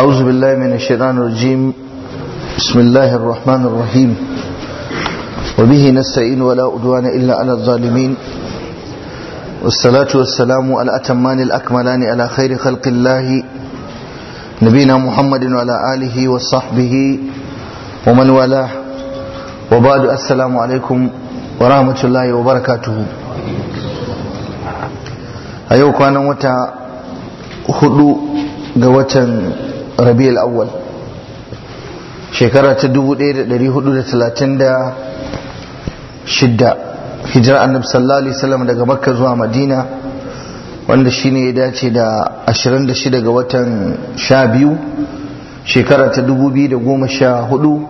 أعوذ بالله من الشيطان الرجيم بسم الله الرحمن الرحيم وبه نستعين ولا أدوان إلا على الظالمين والصلاة والسلام على أتمان الأكملان على خير خلق الله نبينا محمد وعلى آله وصحبه ومن والاه وبعد السلام عليكم ورحمة الله وبركاته أيوك أنا متى hudu ga watan rabi'ul awwal shekara ta 1436 hijira annab sallallahu alaihi wasallam daga makka zuwa madina wanda shine ya dace da 26 ga watan 12 shekara ta 2014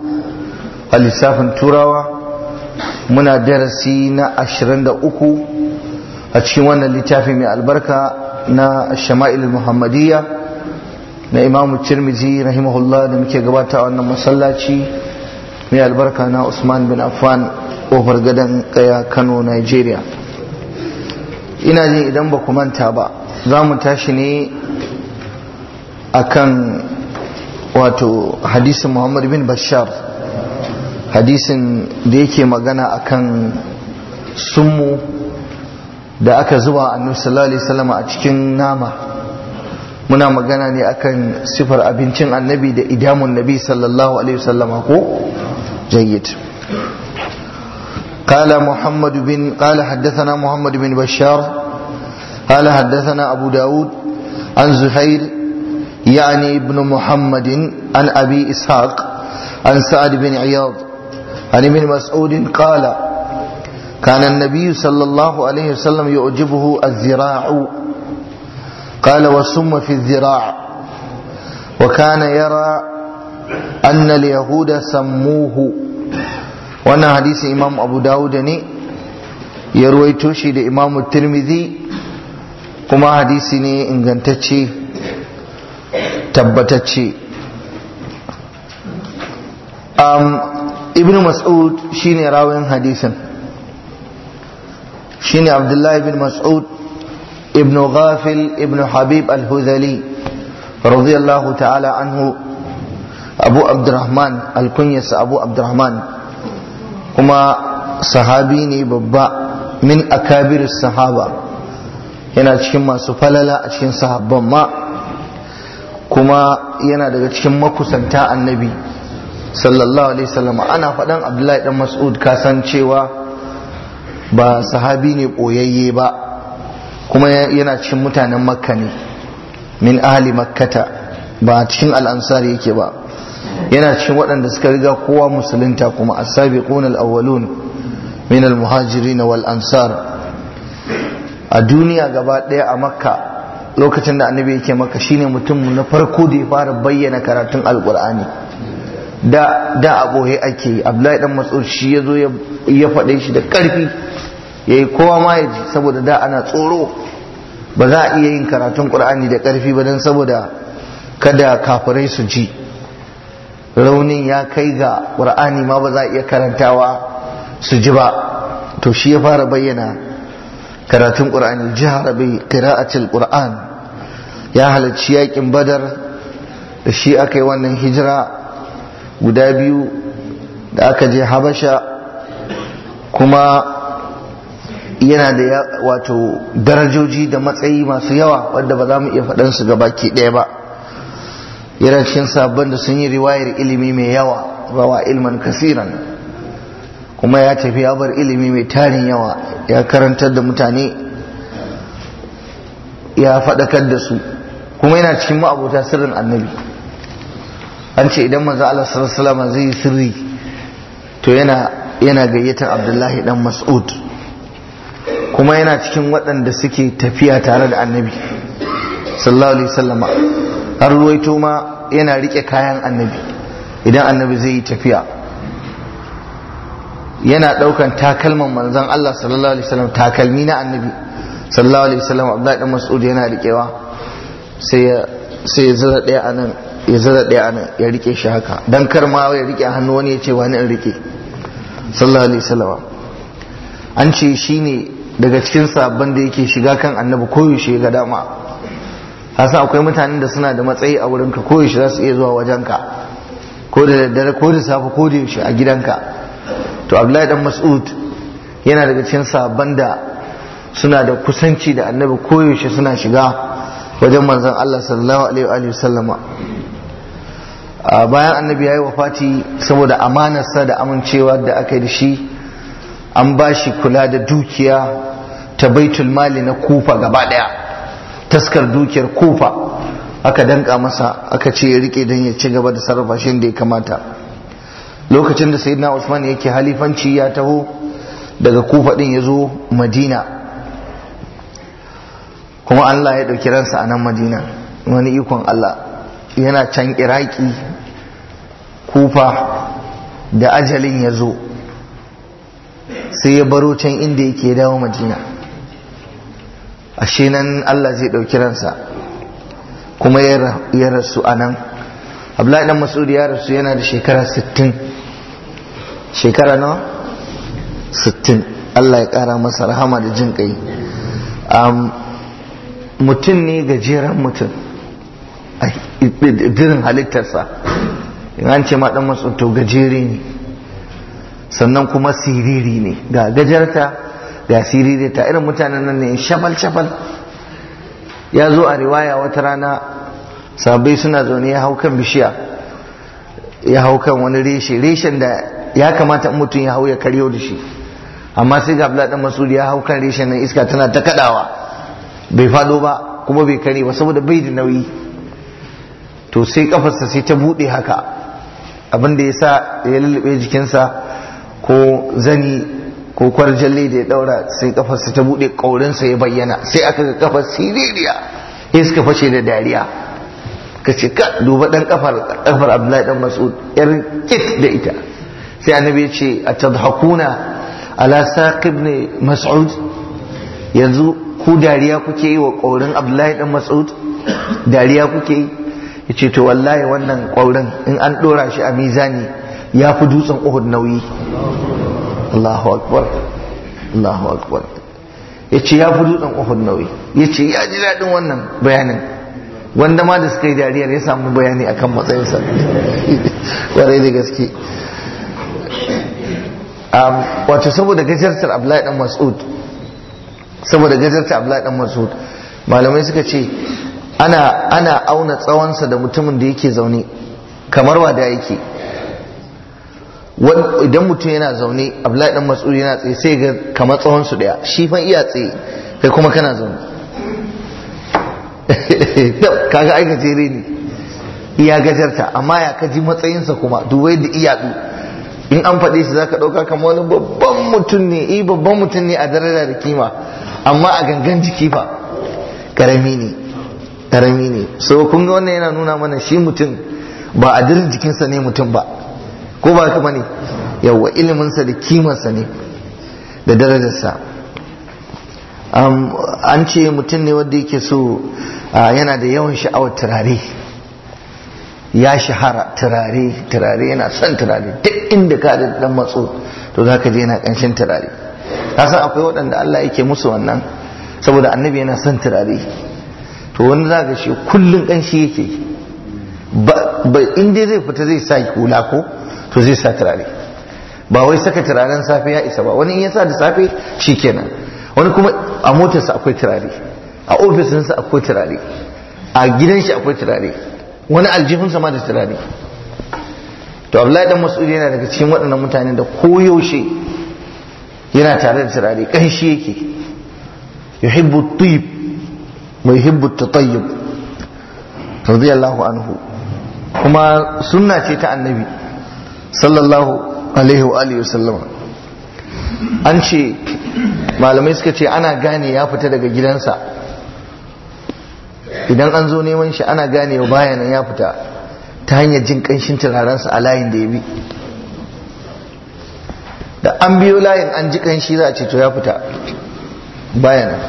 a lissafin turawa muna darasi na 23 a cikin wannan littafi mai albarka na shama'il muhammadiyya na imamu tirmizi rahimahullah da muke gabata a wannan masallaci mai albarka na usman bin affan kofar gadon kaya kano nigeria ina jin idan ba ku manta ba za mu tashi ne akan wato hadisin muhammad bin bashar hadisin da yake magana akan sunmu da aka zuba annabi sallallahu alaihi a cikin nama muna magana ne akan sifar abincin annabi da idamun nabi sallallahu alaihi wasallama ko jayyid قال محمد بن قال حدثنا محمد بن بشار قال حدثنا أبو داود عن زهير يعني ابن محمد عن أبي إسحاق عن سعد بن عياض عن ابن مسعود قال كان النبي صلى الله عليه وسلم يعجبه الذراع قال والسم في الذراع وكان يرى أن اليهود سموه وانا حديث إمام أبو داود يروي توشي لإمام الترمذي كما حديث ني انغنتشي تبتتشي أم ابن مسعود شيني راوين حديثا شيني عبد الله بن مسعود ابن غافل ابن حبيب الهذلي رضي الله تعالى عنه أبو عبد الرحمن الكنيس أبو عبد الرحمن كما صحابيني ببا من أكابر الصحابة yana cikin masu falala a cikin sahabban kuma yana daga cikin makusanta annabi sallallahu alaihi wasallam ana faɗan abdullahi dan mas'ud kasan cewa ba sahabi ne ɓoyayye ba kuma yana cikin mutanen makka ne min ahli makkata ba cikin al'ansari yake ba yana cikin waɗanda suka riga kowa musulunta kuma as-sabiquna al-awwalun min al-muhajirin wal ansar a duniya gaba ɗaya a makka lokacin da annabi yake makka shine mutum na farko da ya fara bayyana karatun alqur'ani da da a ake ake abdullahi dan mas'ud shi yazo ya faɗe shi da ƙarfi ya yi kowa ma ya ji saboda da ana tsoro ba za a iya yin karatun ƙur'ani da ƙarfi ba don saboda kada kafirai su ji raunin ya kai ga ƙur'ani ma ba za a iya karantawa su ji ba to shi ya fara bayyana karatun ƙur'ani jihar bai cil ƙur'an ya halarci yaƙin badar da shi aka yi wannan hijira guda biyu da aka je habasha kuma yana da wato darajoji da matsayi masu yawa wadda ba za mu iya faɗansu ga baki ɗaya ba yana cikin sabon da sun yi riwayar ilimi mai yawa rawa ilman kasiran kuma ya tafi ya bar ilimi mai tarin yawa ya karantar da mutane ya faɗakar da su kuma yana cikin ma'abota sirrin annabi an ce idan maza alasar salama zai yi sirri to yana yana gayyatar Abdullahi dan Mas'ud kuma yana cikin waɗanda suke tafiya tare da annabi sallallahu alaihi wasallama har ruwaito ma yana rike kayan annabi idan annabi zai yi tafiya yana ɗaukan takalman manzon Allah sallallahu alaihi wasallam takalmi na annabi sallallahu alaihi wasallam Abdullahi dan Mas'ud yana rikewa sai ya sai ya zira ɗaya anan ya zira ɗaya anan ya rike shi haka dan kar ma ya rike hannu wani ya ce wani in rike sallallahu alaihi wasallam an ce shine daga cikin sabon da yake shiga kan annabi koyaushe ga dama hasa akwai mutanen da suna da matsayi a wurinka koyaushe za su iya zuwa wajenka ko da daddare ko da safe ko da yaushe a gidanka to abdullahi dan mas'ud yana daga cikin sabon da suna da kusanci da annabi koyaushe suna shiga wajen manzon Allah sallallahu alaihi wa sallama bayan annabi ya yi wafati saboda amanarsa da amincewa da aka yi da shi an ba shi kula da dukiya ta baitul mali na kufa gaba daya taskar dukiyar kufa aka danka masa aka ce ya rike don ya ci gaba da sarrafa shi da ya kamata lokacin da sayyidina usman yake halifanci ya taho daga kufa din ya zo madina kuma allah ya ɗauki ransa a nan madina wani ikon allah yana can iraki kufa da ajalin ya zo sai ya baro can inda yake ya dawo madina ashe nan Allah zai ɗauki ransa kuma ya rasu a nan abdullahi dan mas'ud ya rasu yana da shekara 60 shekara nawa 60 Allah ya ƙara masa rahama da jin kai mutum ne gajeren mutum a dirin halittarsa in an ce ma dan mas'ud to gajere ne sannan kuma siriri ne ga gajarta ga siriri ta irin mutanen nan ne shafal shafal ya zo a riwaya wata rana sabai suna zaune ya hau kan bishiya ya hau kan wani reshe reshen da ya kamata mutum ya hau ya karyo da shi amma sai ga abla dan masudi ya hau kan reshen nan iska tana ta kadawa bai fado ba kuma bai kare ba saboda bai da nauyi to sai kafarsa sai ta bude haka abin da ya sa ya lullube jikinsa ko zani ko kwarjalle da ya daura sai kafarsa ta bude kaurinsa ya bayyana sai aka ga kafar siririya sai suka fashe da dariya ka ce ka duba dan kafar kafar abdullahi dan mas'ud yar kit da ita sai annabi ya ce a tadhakuna ala saq ibn mas'ud yanzu ku dariya kuke yi wa kaurin abdullahi dan mas'ud dariya kuke yi yace to wallahi wannan kaurin in an ɗora shi a mizani ya fi dutsen uhud nauyi Allahu akbar Allahu akbar ya ce ya fi dutsen uhud nauyi ya ce ya ji daɗin wannan bayanin wanda ma da suka yi dariyar ya samu bayani akan matsayinsa ƙwarai da gaske wato saboda gajartar abdullahi dan mas'ud saboda gajartar abdullahi dan mas'ud malamai suka ce ana ana auna tsawonsa da mutumin da yake zaune kamar wa da yake idan mutum yana zaune abdullahi dan matsuri yana tsaye sai ga kamar tsawon su daya shi fa iya tsaye kai kuma kana zaune kaga aika jere ne iya gajarta amma ya kaji matsayinsa kuma dubai da iyadu in an faɗe shi zaka ɗauka kamar wani babban mutum ne i eh, babban mutum ne a daraja da kima amma a gangan jiki fa karami ne karami ne so kun ga wannan yana nuna mana shi mutum ba a dirin jikinsa ne mutum ba ko ba kuma ne yawwa iliminsa da kimarsa ne da darajarsa an ce mutum ne wanda yake so yana da yawan sha'awar turare ya shahara turare turare yana son turare duk inda ka da dan matso to zaka je yana kanshin turare kasan akwai waɗanda Allah yake musu wannan saboda annabi yana son turare to wani za ka shi kullum kanshi yake ba in zai fita zai sa hula ko to zai sa turare ba wai saka turaren safe ya isa ba wani in ya sa da safe shikenan wani kuma a motarsa akwai turare a ofisinsa akwai turare a gidan shi akwai turare wani aljihunsa ma da turare to abdullahi dan mas'ud yana daga cikin waɗannan mutane da koyaushe yana tare da turare shi yake yuhibbu tayyib mai yuhibbu tatayyub radiyallahu anhu kuma sunna ce ta annabi sallallahu alaihi wa alihi wasallam an ce malamai suka ce ana gane ya fita daga gidansa idan an zo neman shi ana gane bayanan ya fita ta hanyar jin kanshin turarensa a layin da ya bi da an biyo layin an ji kanshi za a ce to ya fita bayanan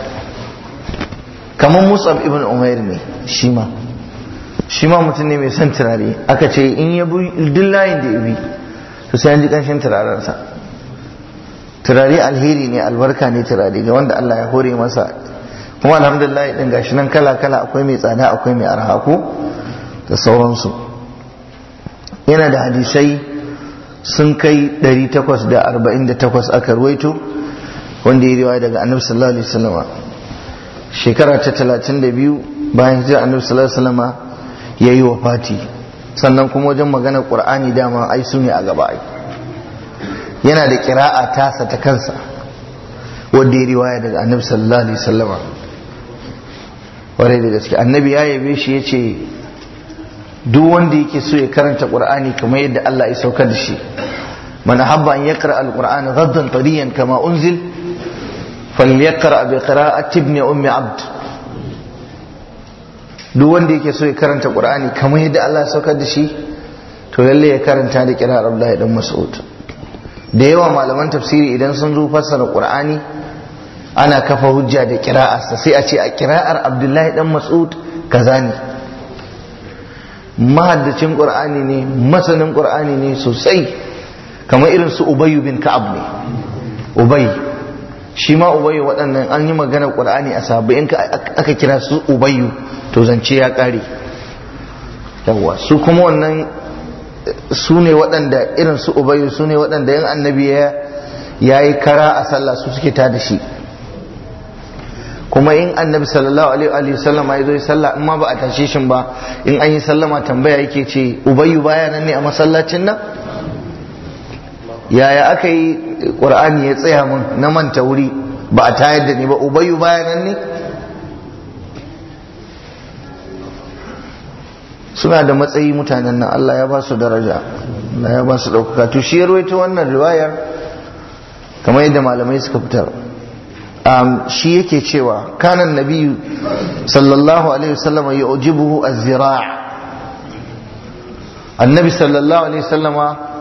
kamar musab ibn umair ne shi ma shi ma mutum ne mai son turare aka ce in ya bu duk layin da ya bi to sai an ji ƙanshin turarensa turare alheri ne albarka ne turare ga wanda Allah ya hore masa kuma alhamdulillah din gashi nan kala kala akwai mai tsada akwai mai arha ko da sauransu yana da hadisai sun kai 848 aka ruwaito wanda ya riwaya daga annabi sallallahu alaihi wasallama shekara ta 32 bayan hijira annabi sallallahu alaihi wasallama ya yi wa fati sannan kuma wajen magana ƙur'ani dama ai su ne a gaba ai yana da kira'a tasa ta kansa wadda ya riwaya daga annabi sallallahu alaihi wasallama da gaske annabi ya yabe shi ya ce duk wanda yake so ya karanta ƙur'ani kamar yadda Allah ya saukar da shi man haɓa an yaqra al-qur'ana ghaddan tariyan kama unzil falyaqra bi qira'ati ibn ummi abd duk wanda yake so ya karanta qur'ani kamar yadda Allah ya saukar da shi to lalle ya karanta da kira Abdullahi dan Mas'ud da yawa malaman tafsiri idan sun zo fassara qur'ani ana kafa hujja da kira'arsa sai a ce a kira'ar Abdullahi dan Mas'ud kaza ne mahaddacin qur'ani ne masanin qur'ani ne sosai kamar irin su Ubayy bin Ka'ab ne Ubayy shi ma ubayu waɗannan an yi magana ƙur'ani a sabu in aka kira su Ubayu to zance ya ƙare yawwa su kuma wannan su ne waɗanda irin su Ubayu su ne waɗanda yan annabi ya yi kara a sallah su suke ta da shi kuma in annabi sallallahu alaihi sallama ya zo sallah in ma ba a tashe shi ba in an yi sallama tambaya yake ce Ubayu baya nan ne a masallacin nan yaya aka yi ƙwar'ani ya tsaya mun na manta wuri ba a tayar da ni ba ubayu bayanan ne suna da matsayi mutanen nan Allah ya ba su daraja Allah ya ba su ɗaukaka to shi ya ta wannan riwayar kamar yadda malamai suka fitar shi yake cewa kanan nabi sallallahu alaihi wasallam ya ujibuhu az-zira' annabi sallallahu alaihi wasallama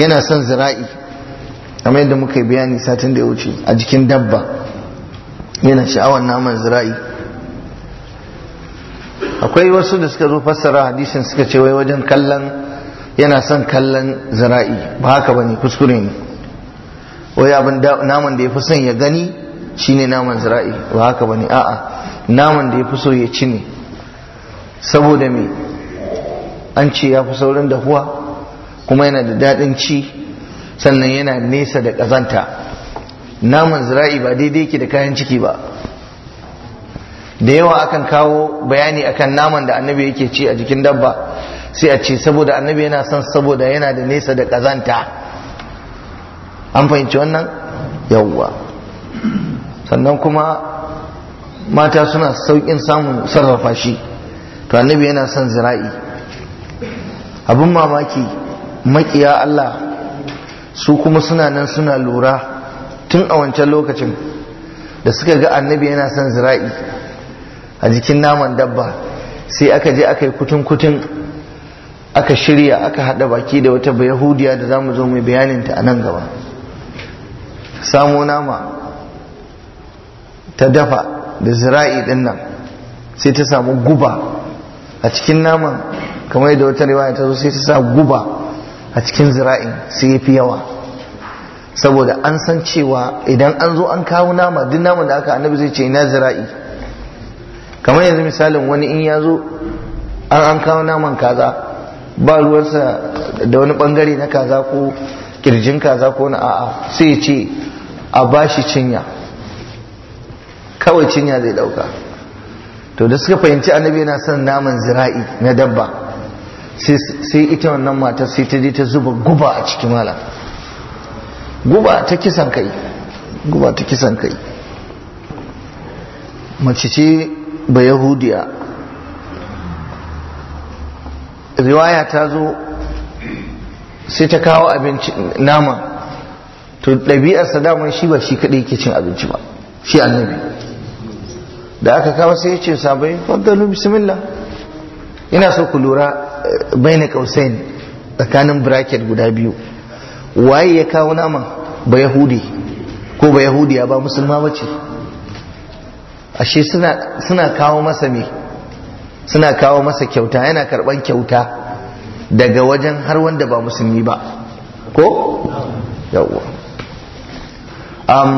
yana son zira'i amma yadda muka yi bayani satin da ya wuce a jikin dabba yana sha'awar naman zira'i akwai wasu da suka zo fassara hadisin suka ce wai wajen kallon yana son kallon zira'i ba haka bane kuskure ne wai abin naman da ya fi son ya gani shine naman zira'i ba haka bane a'a naman da ya fi so ya ci ne saboda me an ce ya fi saurin dahuwa kuma yana da daɗin ci sannan yana nesa da ƙazanta naman zira'i ba daidai yake da kayan ciki ba da yawa akan kawo bayani akan naman da annabi yake ci a jikin dabba sai a ce saboda annabi yana son saboda yana da nesa da ƙazanta an fahimci wannan yawwa sannan kuma mata suna sauƙin samun sarrafa shi to annabi yana son zira'i abin mamaki makiya Allah su kuma suna nan suna lura tun a wancan lokacin da suka ga annabi yana son zira'i a jikin naman dabba sai aka je aka yi kutun-kutun aka shirya aka haɗa baki da wata yahudiya da za mu zo mai bayaninta a nan gaba samo nama ta dafa da zira'i ɗin nan sai ta samu guba a cikin naman kamar yadda wata riwaya ta zo sai ta sa guba a cikin zira'in sai ya fi yawa saboda an san cewa idan an zo an kawo nama duk naman da aka annabi zai ce ina zira'i kamar yanzu misalin wani in ya zo an an kawo naman kaza ba ruwarsa da wani bangare na kaza ko kirjin kaza ko na a'a sai ce a bashi cinya kawai cinya zai dauka to da suka fahimci annabi yana son naman zira'i na dabba sai ita wannan matar sai ta je ta zuba guba a cikin mala guba ta kisan kai guba ta kisan kai mace ce ba yahudiya riwaya ta zo sai ta kawo abinci nama to ɗabi'arsa sadamun shi ba shi kaɗai ke cin abinci ba shi annabi da aka kawo sai ya ce sabai faddalu bismillah ina so ku lura baina kausain tsakanin bracket guda biyu waye ya kawo nama ba yahudi ko ba yahudiya ba musulma bace ashe suna suna kawo masa me suna kawo masa kyauta yana karban kyauta daga wajen har wanda ba musulmi ba ko yawwa um,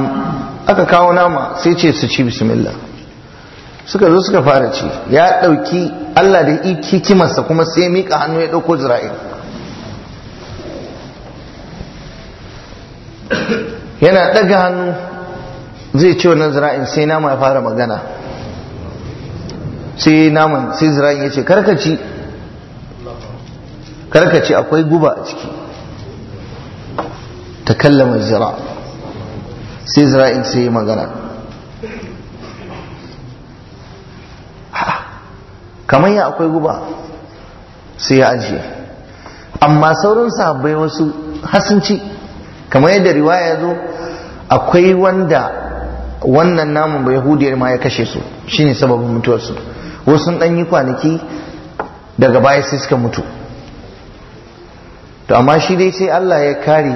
aka kawo nama sai ce su ci bismillah suka zo suka fara ci ya ɗauki Allah da kimarsa kuma sai mika hannu ya ɗauko zira'il yana ɗaga hannu zai ce wannan zira'in sai nama ya fara magana sai naman sai zira'in ya ce karkaci karkaci akwai guba a ciki ta kallama zira sai zira'in sai magana kamar ya akwai guba sai ya ajiye amma sauran sahabbai wasu hasunci kamar yadda riwaya ya zo akwai wanda wannan namun ba yahudiyar ma ya kashe su shine sababin mutuwarsu wasu dan yi kwanaki daga baya sai suka mutu to amma shi dai sai Allah ya kare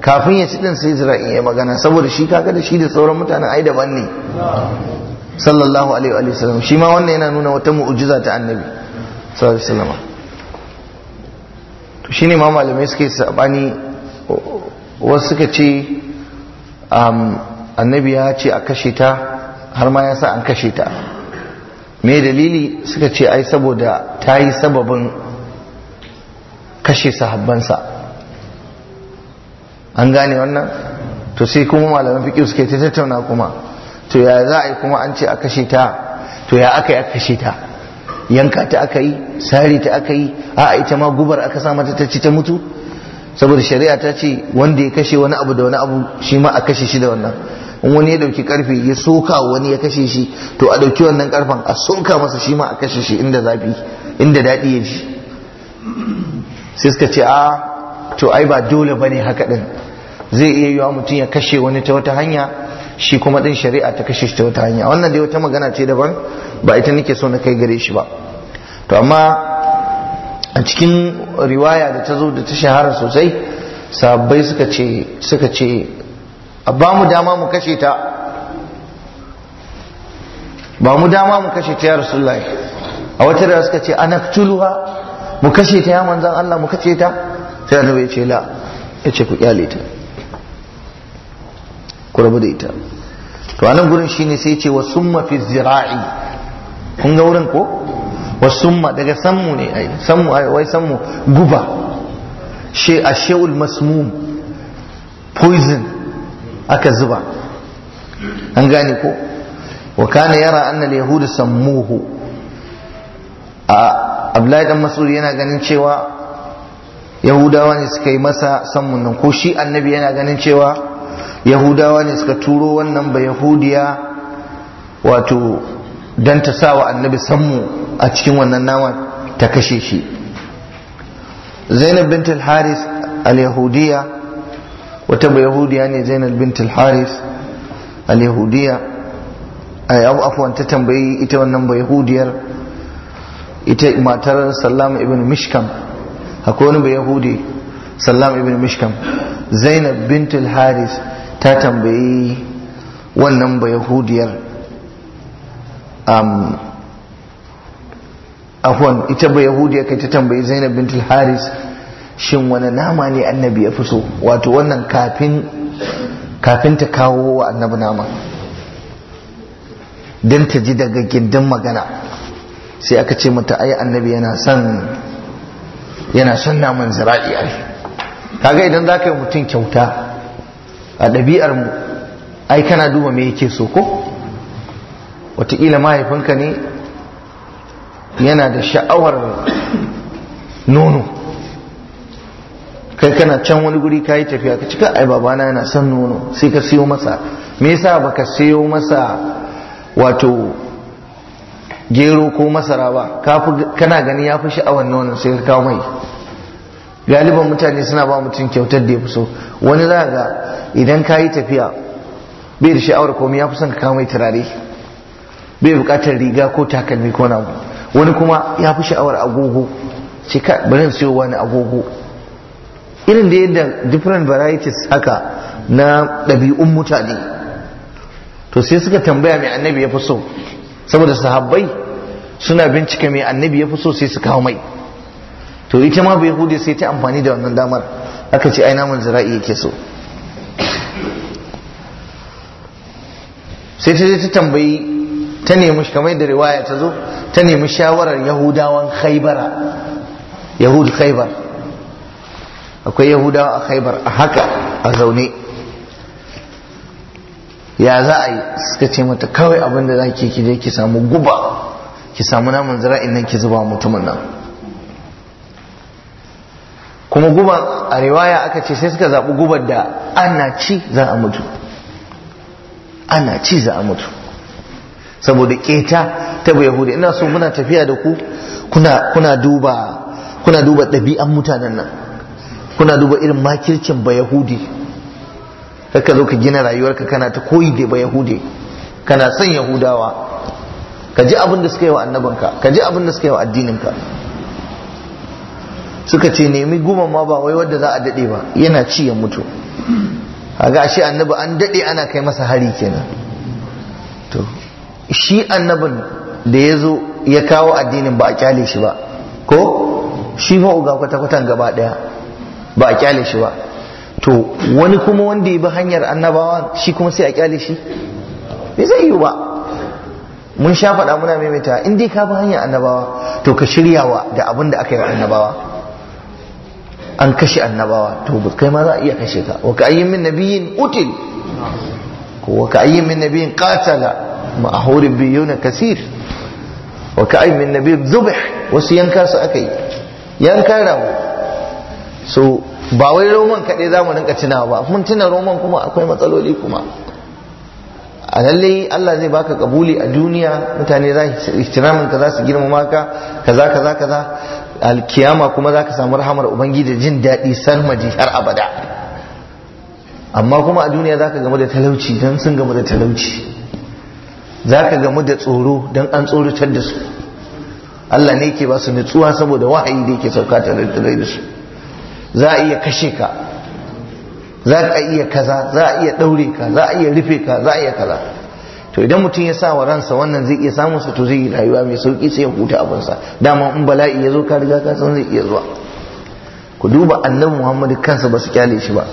kafin ya ci din sai Isra'ila ya magana saboda shi kaga da shi da sauran mutanen ai daban ne sallallahu alaihi wa sallam shi ma wannan yana nuna wata mu'jiza ta annabi sallallahu alaihi sallam to shine ma malamai suke sabani wasu suka ce um, annabi ya ce a kashe ta har ma ya sa an kashe ta me dalili suka ce ai saboda ta yi sababin kashe sahabbansa an gane wannan to sai kuma malaman fiƙi suke ta tattauna kuma to ya za a yi kuma an ce a kashe ta to ya aka yi aka kashe ta yanka ta aka yi sari ta aka yi a ita ma gubar aka sa mata ta ci ta mutu saboda shari'a ta ce wanda ya kashe wani abu da wani abu shi ma a kashe shi da wannan in wani ya dauki karfe ya soka wani ya kashe shi to a dauki wannan karfen a soka masa shi ma a kashe shi inda zafi inda daɗi ya ji sai suka ce a to ai ba dole bane haka din zai iya yiwa mutum ya kashe wani ta wata hanya shi kuma din shari'a ta kashe shi ta wata hanya wannan dai wata magana ce daban ba ita nake so na kai gare shi ba to amma a cikin riwaya da ta zo da ta shahara sosai sabbai suka ce suka ce a ba mu dama mu kashe ta ba mu dama mu kashe ta ya rasulullah a wata da suka ce tuluwa mu kashe ta ya manzan Allah mu kashe ta sai annabi ya ce la ya ce ku kyale ta ku rabu da ita to anan gurin shine sai ce wa summa fi zira'i kun ga wurin ko wa summa daga sammu ne ai sammu ai wai sammu guba she ashul masmum poison aka zuba an gane ko wa kana yara anna al yahud sammuhu a Abdullahi dan Mas'ud yana ganin cewa Yahudawa ne suka yi masa sammun nan ko shi annabi yana ganin cewa yahudawa ne suka turo wannan ba yahudiya wato don ta sa wa annabi sammu a cikin wannan nama ta kashe shi zainab bint haris al-yahudiya wata ba yahudiya ne zainab bint al-haris al-yahudiya afuwan ta tambayi ita wannan ba yahudiyar ita matar sallam ibn mishkam akwai wani ba yahudi sallam ibn mishkam zainab bint haris ta tambayi wannan ba yahudiyar um, ita ba yahudiyar kai ta tambayi zainab bin haris shin wani nama ne annabi ya fi so wato wannan kafin ta kawo wa annabi nama don ta ji daga gindin magana sai aka ce mata ai annabi yana son yana son naman zira'i Ka kaga idan za ka yi mutum kyauta a ɗabi'ar mu ai kana duba me yake so ko wataƙila mahaifinka ne yana da sha'awar nono kai kana can wani guri ka yi tafiya ka cika ai babana yana son nono sai ka siyo masa me yasa baka siyo masa wato gero ko masara ba kana gani ya fi sha'awar nono sai ka kawo mai galiban mutane suna ba mutum kyautar da ya fi so wani za ga idan ka yi tafiya bai da sha'awar komai ya fi son ka kawo mai turare bai bukatar riga ko takalmi ko na wani kuma ya fi sha'awar agogo ce ka siyo wani agogo irin da yadda different varieties aka na ɗabi'un mutane to sai suka tambaya mai annabi ya fi so saboda sahabbai suna bincika mai annabi ya fi so sai su kawo mai to ita ma bai hude sai ta amfani da wannan damar aka ce ai naman zira'i yake so sai ta je ta tambayi ta nemi kamar da riwaya ta zo ta nemi shawarar yahudawan khaibara yahud khaibar akwai yahudawa a khaibar a haka a zaune ya za a yi suka ce mata kawai abinda za ki ki samu guba ki samu naman zira'in nan ki zuba mutumin nan kuma guba a riwaya aka ce sai suka zaɓi gubar da ana ci za a mutu ana ci za a mutu saboda keta ta bai yahudi ina so muna tafiya da ku kuna duba kuna duba ɗabi'an mutanen nan kuna duba irin makircin ba yahudi ka zo ka gina rayuwarka kana ta koyi da ba yahudi kana son yahudawa ka ji abin da suka yi wa annabanka ka ji abin da suka yi wa addininka suka ce nemi guban ma ba wai wadda za a daɗe ba yana ci ya mutu a ga shi annabi an daɗe ana kai masa hari kenan to shi annabin da ya zo ya kawo addinin ba a kyale shi ba ko shi ma uga kwata-kwatan gaba ɗaya ba a kyale shi ba to wani kuma wanda ya bi hanyar annabawa shi kuma sai a kyale shi bai zai yi ba mun sha faɗa muna maimaita in dai ka bi hanyar annabawa to ka shiryawa da abin da aka yi annabawa an kashe annabawa to kai ma za a iya kashe ka wa ka ayyin min nabiyin util wa ka ayyin min nabiyyin qatala ma'ahur biyun kasir wa ka ayyin min nabiyyin zubih wasu yanka su akai yanka ramu so ba wai roman kaɗai zamu mu rinka tunawa ba mun tuna roman kuma akwai matsaloli kuma a lalle Allah zai baka kabuli a duniya mutane za su ihtiramin ka za su girmama ka kaza kaza kaza alkiyama kuma za ka samu rahamar ubangiji jin daɗi sarmaji har abada amma kuma a duniya za ka gamu da talauci don sun gamu da talauci za ka gamu da tsoro don an tsoratar da su Allah ne ke ba su nutsuwa saboda wahayi da yake sauka tare da su za a iya kashe ka za a iya kaza za a iya ɗaure ka za a iya rufe ka za a iya kaza to idan mutum ya sa wa ransa wannan zai iya samun sa to zai yi rayuwa mai sauki sai ya huta abinsa dama in bala'i ya zo ka riga ka san zai iya zuwa ku duba annabi muhammadu kansa ba su kyale shi ba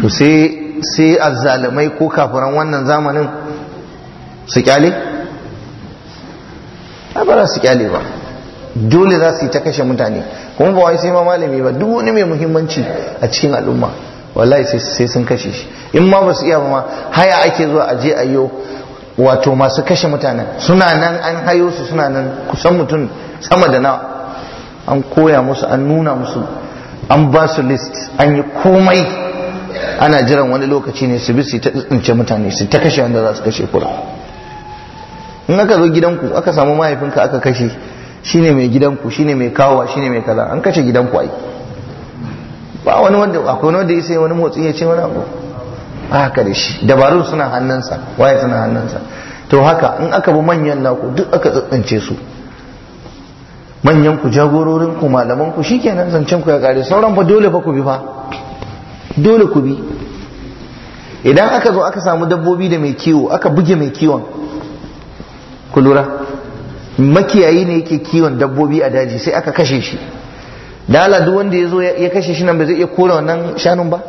to sai sai azzalamai ko kafiran wannan zamanin su kyale ba su kyale ba dole za su yi ta kashe mutane kuma ba wai sai ma malami ba duk wani mai muhimmanci a cikin al'umma wallahi sai sun kashe shi in ma ba su iya ba ma haya ake zuwa a je ayyo wato masu kashe mutanen suna nan an hayo su suna nan kusan mutum sama da na an koya musu an nuna musu an ba su list an yi komai ana jiran wani lokaci ne su bi su ta tsince mutane su ta kashe wanda za su kashe kura in aka zo gidanku aka samu mahaifinka aka kashe shine mai gidanku shine mai kawowa shine mai kaza an kashe gidanku ai ba wani wanda akwai wanda ya sai wani motsi ya ce wani abu ba haka da shi dabarun suna hannunsa waye suna hannunsa to haka in aka bi manyan naku duk aka tsantsance su manyan ku jagororin ku malaman ku shikenan zancen ku ya kare sauran fa dole fa ku bi fa dole ku bi idan aka zo aka samu dabbobi da mai kiwo aka buge mai kiwon ku lura makiyayi ne yake kiwon dabbobi a daji sai aka kashe shi da Allah duk wanda ya zo ya kashe shi nan ba zai iya kora wannan shanun ba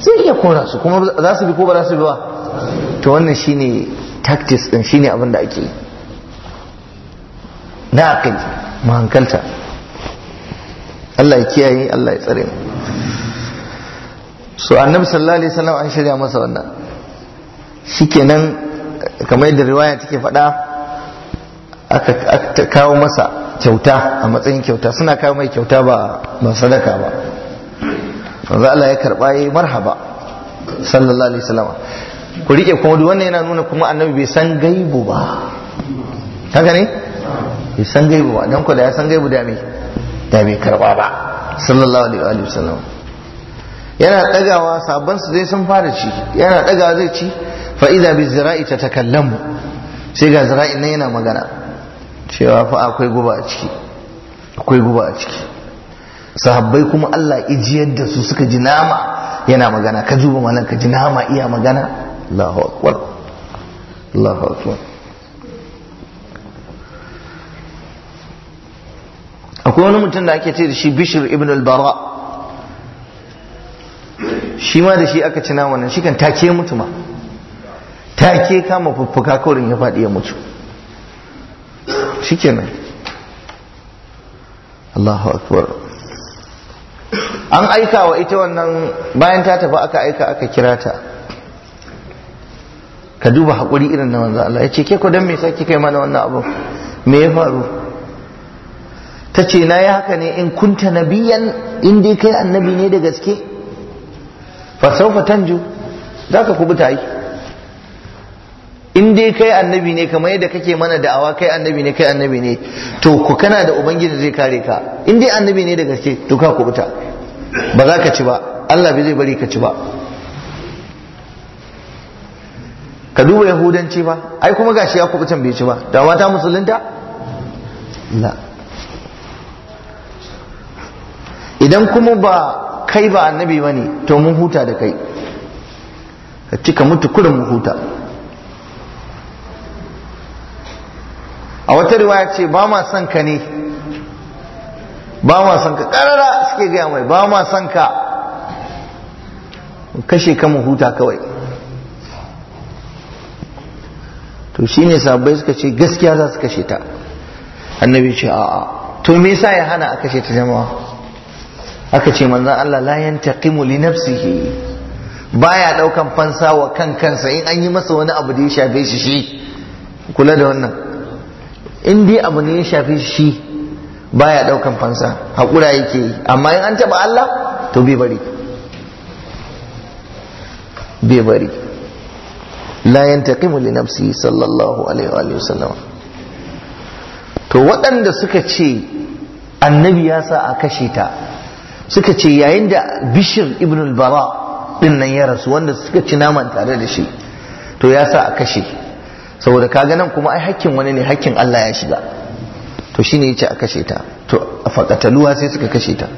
zai iya kora su kuma za su bi ko ba za su bi ba to wannan shine tactics din shine abin da ake na akil mu hankalta Allah ya kiyaye Allah ya tsare so annabi sallallahu alaihi wasallam an shirya masa wannan shikenan kamar yadda riwaya take faɗa aka kawo masa kyauta a matsayin kyauta suna kawo mai kyauta ba ba sadaka ba manzo Allah ya karba marha marhaba sallallahu alaihi wasallam ku rike kuma duk wannan yana nuna kuma annabi bai san gaibu ba haka ne bai san gaibu ba dan ko da ya san gaibu da me da bai karba ba sallallahu alaihi wasallam yana dagawa sabon su zai sun fara ci yana dagawa zai ci fa idza bi zira'i tatakallamu sai ga zira'in nan yana magana cewa fa akwai guba a ciki akwai guba a ciki sahabbai kuma Allah ijiyar da su suka ji nama yana magana ka juba mana ka ji nama iya magana Allahu akbar Allahu akbar akwai wani mutum da ake ce da shi Bishr ibn al-Bara shi ma da shi aka ci nama nan shi kan take mutuma. take kama fuffuka kawai ya faɗi ya mutu shikenan Allahu akbar an aika wa ita wannan bayan ta tafi aka aika aka kira ta ka duba haƙuri irin na wanzu Allah ya ce ke ko dan me sake kai mana wannan abu me ya faru ta ce na yi haka ne in kunta nabiyan biyan dai kai annabi ne da gaske fa tanju za ka kubuta yi in dai kai annabi ne kamar yadda kake mana da'awa kai annabi ne kai annabi ne to ku kana da ubangiji zai kare ka in dai annabi ne da gaske to ka buta ba za ka ci ba Allah bai zai bari ka ci ba ka duba yahudanci ba ai kuma gashi ya kubutan bai ci ba da mata musulunta la idan kuma ba kai ba annabi bane to mun huta da kai ka cika mutu kurin mu huta a wata riwaya ce ba ma son ka ne ba ma son ka karara suke gaya mai ba ma son ka kashe ka mu huta kawai to shi ne sabbai suka ce gaskiya za su kashe ta annabi ce a'a to me yasa ya hana a kashe ta jama'a aka ce manzan Allah la yantaqimu li nafsihi baya daukan fansa wa kan kansa in an yi masa wani abu da ya shafe shi shi kula da wannan in dai abu ne ya shafi shi baya daukan fansa haƙura yake yi amma in an taɓa Allah to bai bari bai bari la yantaqimu li nafsi sallallahu alaihi wa sallam to waɗanda suka ce annabi ya sa a kashe ta suka ce yayin da bishir ibn al-bara din nan ya rasu wanda suka ci naman tare da shi to ya sa a kashe saboda kaga nan kuma ai hakkin wani ne hakkin Allah ya shiga to shine yace a kashe ta to faqataluha sai suka kashe ta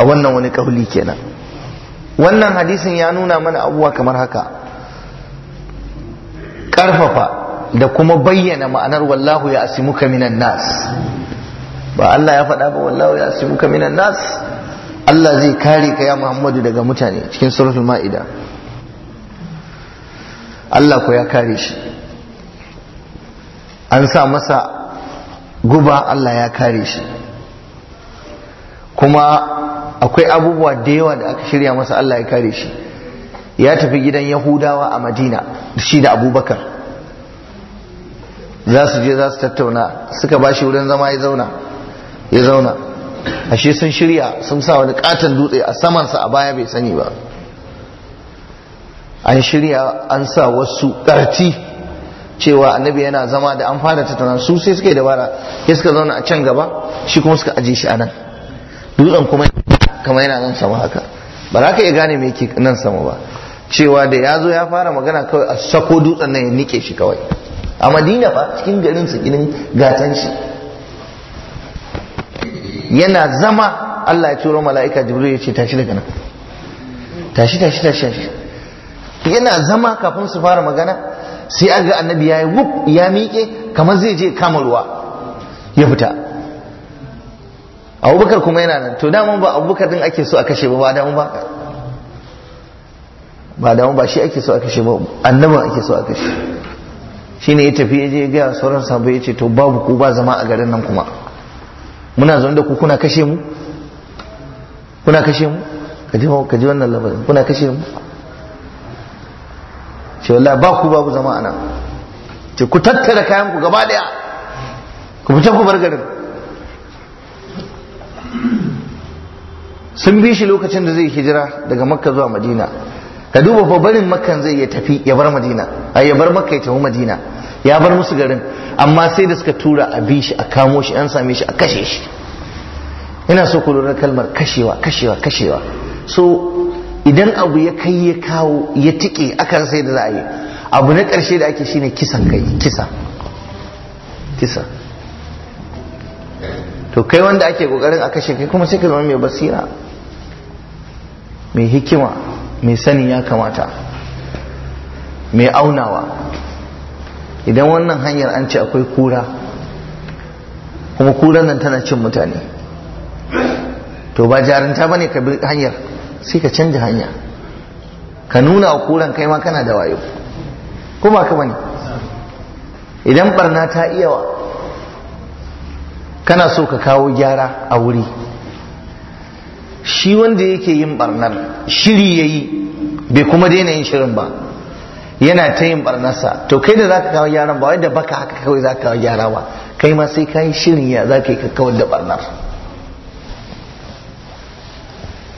a wannan wani kauli kenan wannan hadisin ya nuna mana abuwa kamar haka karfafa da kuma bayyana ma'anar wallahu ya asimuka minan nas ba Allah ya faɗa ba wallahu ya asimuka minan nas Allah zai kare ka ya Muhammadu daga mutane cikin suratul ma'ida Allah ku ya kare shi an sa masa guba Allah ya kare shi kuma akwai abubuwa da yawa da aka shirya masa Allah ya kare shi ya tafi gidan yahudawa a madina shi da abubakar za su je za su tattauna suka ba shi wurin zama ya zauna ya zauna ashe sun shirya sun sa wani katon dutse a samansa a baya bai sani ba an shirya an sa wasu ƙarti cewa annabi yana zama da an fara tattauna su sai suka yi dabara Ya suka zauna a can gaba shi kuma suka aje shi a nan dutsen kuma kamar yana nan sama haka ba za ka iya gane me ke nan sama ba cewa da ya zo ya fara magana kawai a sako dutsen nan ya nike shi kawai a madina ba cikin garin su ginin gatan shi yana zama Allah ya turo mala'ika jibril ya ce tashi daga nan tashi tashi tashi yana zama kafin su fara magana sai aga annabi ya yi wuk ya miƙe kamar zai je kama ruwa ya fita abubakar kuma yana nan to daman ba abubakar din ake so a kashe ba ba ba ba damu ba shi ake so a kashe ba annaban ake so a kashe shi ne ya tafi ya je ya gaya sauran sabo ya ce to babu ku ba zama a garin nan kuma muna zaune da ku kuna kashe mu kuna kashe mu ka ji wannan labarin kuna kashe mu ce wallahi ba ku babu zama ana? ce ku tattara kayan ku gaba daya ku fita ku bar garin sun bi shi lokacin da zai hijira daga makka zuwa madina ka duba fa barin makkan zai ya tafi ya bar madina ai ya bar makka ya tafi madina ya bar musu garin amma sai da suka tura a bi shi a kamo shi an same shi a kashe shi ina so ku lura kalmar kashewa kashewa kashewa so idan abu ya kai ya kawo ya tike akan sai da za a yi abu na ƙarshe da ake shine kisan kai kisa kisa to kai wanda ake kokarin a kashe kai kuma sai ka zama mai basira mai hikima mai sani ya kamata mai aunawa idan wannan hanyar an ce akwai kura kuma kura nan tana cin mutane to ba jarinta bane ka bi hanyar sai ka canja hanya ka nuna a kuran kai ma kana da wayo kuma ka bane idan barna ta iya wa kana so ka kawo gyara a wuri shi wanda yake yin barnar shiri ya yi bai kuma daina yin shirin ba yana ta yin barnarsa to kai da za ka kawo gyaran ba wadda baka haka kawai za ka kawo gyara ba kai ma sai ka shirin ya za ka yi ka da barnar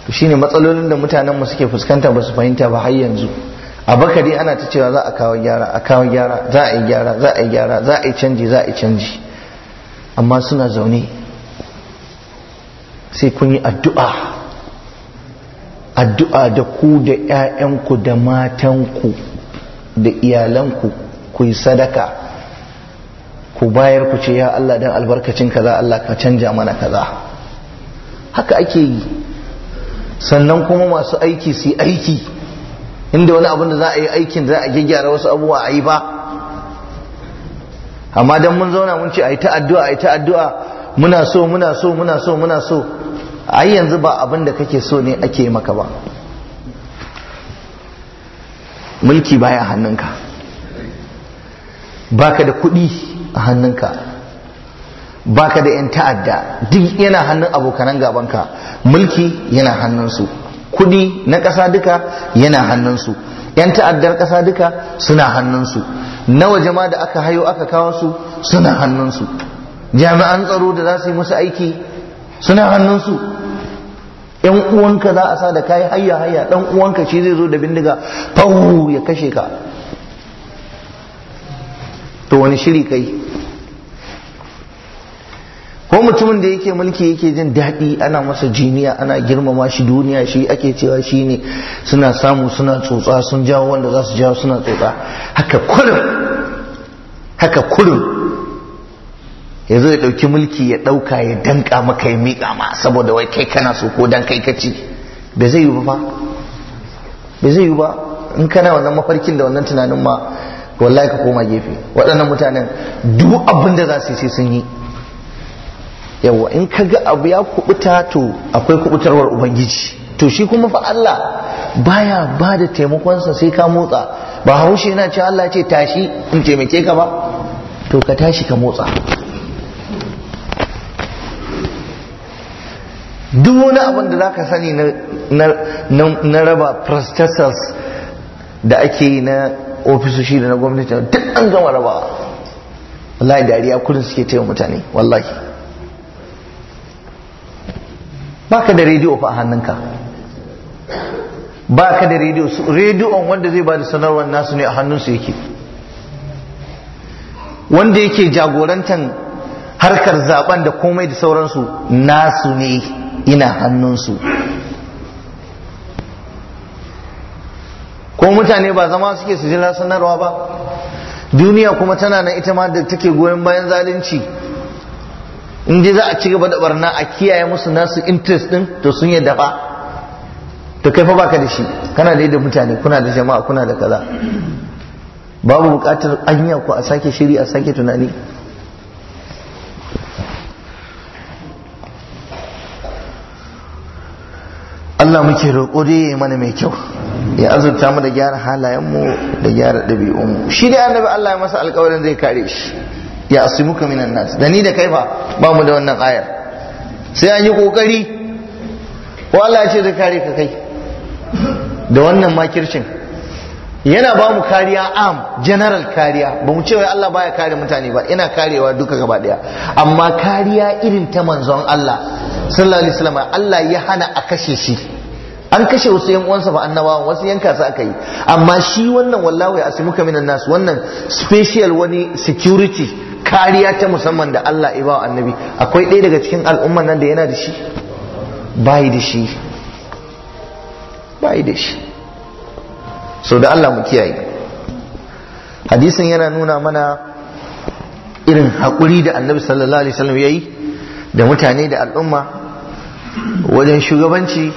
to shine matsalolin da mutanen mu suke fuskanta ba su fahimta ba har yanzu a bakari ana ta cewa za a kawo gyara a kawo gyara za a yi gyara za a yi gyara za a yi canji za a yi canji amma suna zaune sai kun yi addu'a addu'a da ku da 'ya'yanku da matanku da iyalanku ku yi sadaka ku bayar ku ce ya Allah dan albarkacin kaza Allah ka canja mana kaza haka ake yi sannan kuma masu aiki su aiki inda wani abin da za a yi aikin za a gyaggyara wasu abubuwa a yi ba amma dan mun zauna mun ce a yi ta a yi ta muna so muna so muna so muna so ai yanzu ba abin da kake so ne ake maka ba mulki baya hannunka baka da kuɗi a hannunka baka da 'yan ta'adda duk yana hannun abokanan gabanka mulki yana hannunsu kudi na ƙasa duka yana hannunsu yan ta'addar ƙasa duka suna hannunsu na waje ma da aka hayo aka kawo su suna hannunsu jami'an tsaro da za su yi musu aiki suna hannunsu yan uwanka za a sa da kayi hayya hayya dan uwanka shi zai zo da bindiga fahu ya kashe ka to wani shiri kai ko mutumin da yake mulki yake jin daɗi ana masa jiniya ana girmama shi duniya shi ake cewa shi ne suna samu suna tsotsa sun jawo wanda za su jawo suna tsotsa haka kurin haka kurin ya zo ya ɗauki mulki ya ɗauka ya danka maka ya miƙa ma saboda wai kai kana so ko dan kai kaci bai zai yi ba bai zai yi ba in kana wannan mafarkin da wannan tunanin ma wallahi ka koma gefe waɗannan mutanen duk abin da za su yi sai sun yi yawa in ka ga abu ya kubuta to akwai kubutarwar ubangiji to shi kuma fa Allah baya ba da taimakonsa sai ka motsa ba haushe yana ce Allah ce tashi in taimake ka ba to ka tashi ka motsa duk wani abin da za ka sani na raba processors da ake yi na ofisoshi da na gwamnati duk an gama raba wallahi dariya kudin suke taimaka mutane wallahi baka da rediyo fa a hannunka baka da rediyo rediyon wanda zai bada sanarwar nasu ne a hannunsu yake wanda yake jagorantan harkar zaben da komai da sauransu nasu ne ina hannunsu ko mutane ba zama suke su jira sanarwa ba duniya kuma tana nan ita ma da take goyon bayan zalunci in ji za a ci gaba da barna a kiyaye musu nasu interest din to sun yi dafa, to kai fa baka da shi kana da da mutane kuna da jama'a kuna da kaza babu bukatar anya ku a sake shiri a sake tunani Allah muke roƙo dai ya mana mai kyau ya azurta mu da gyara halayenmu da gyara ɗabi'unmu shi dai annabi Allah ya masa alƙawarin zai kare shi ya asimuka minan nas da ni da kai ba, ba mu da wannan ayar sai an yi kokari ko Allah ya ce zai kare ka kai da wannan makircin yana ba mu kariya am general kariya ba mu cewa Allah baya kare mutane ba yana karewa duka gaba daya amma kariya irin ta manzon Allah sallallahu alaihi wasallam Allah ya hana a kashe shi an kashe wasu yan uwansa ba annaba wasu yanka su aka yi amma shi wannan wallahi asimuka minan nas wannan special wani security kariya ta musamman da Allah ya ba annabi akwai ɗaya daga cikin al'umman nan da yana da shi bai da shi bai da shi so da Allah mu kiyaye hadisin yana nuna mana irin haƙuri da annabi sallallahu alaihi wasallam ya da mutane da al'umma wajen shugabanci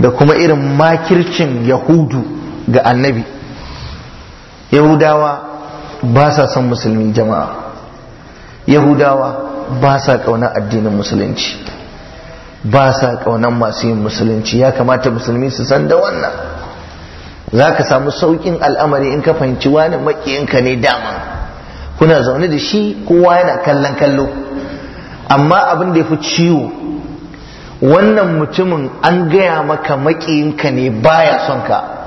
da kuma irin makircin yahudu ga annabi yahudawa ba sa son musulmi jama'a yahudawa ba sa ƙaunar addinin musulunci ba sa ƙaunar masu yin musulunci ya kamata musulmi su san da wannan za ka samu sauƙin al'amari in ka fahimci wani maƙiyinka ne dama kuna zaune da shi kowa yana kallon kallo amma abin da ya fi ciwo wannan mutumin an gaya maka maƙiyinka ne baya son ka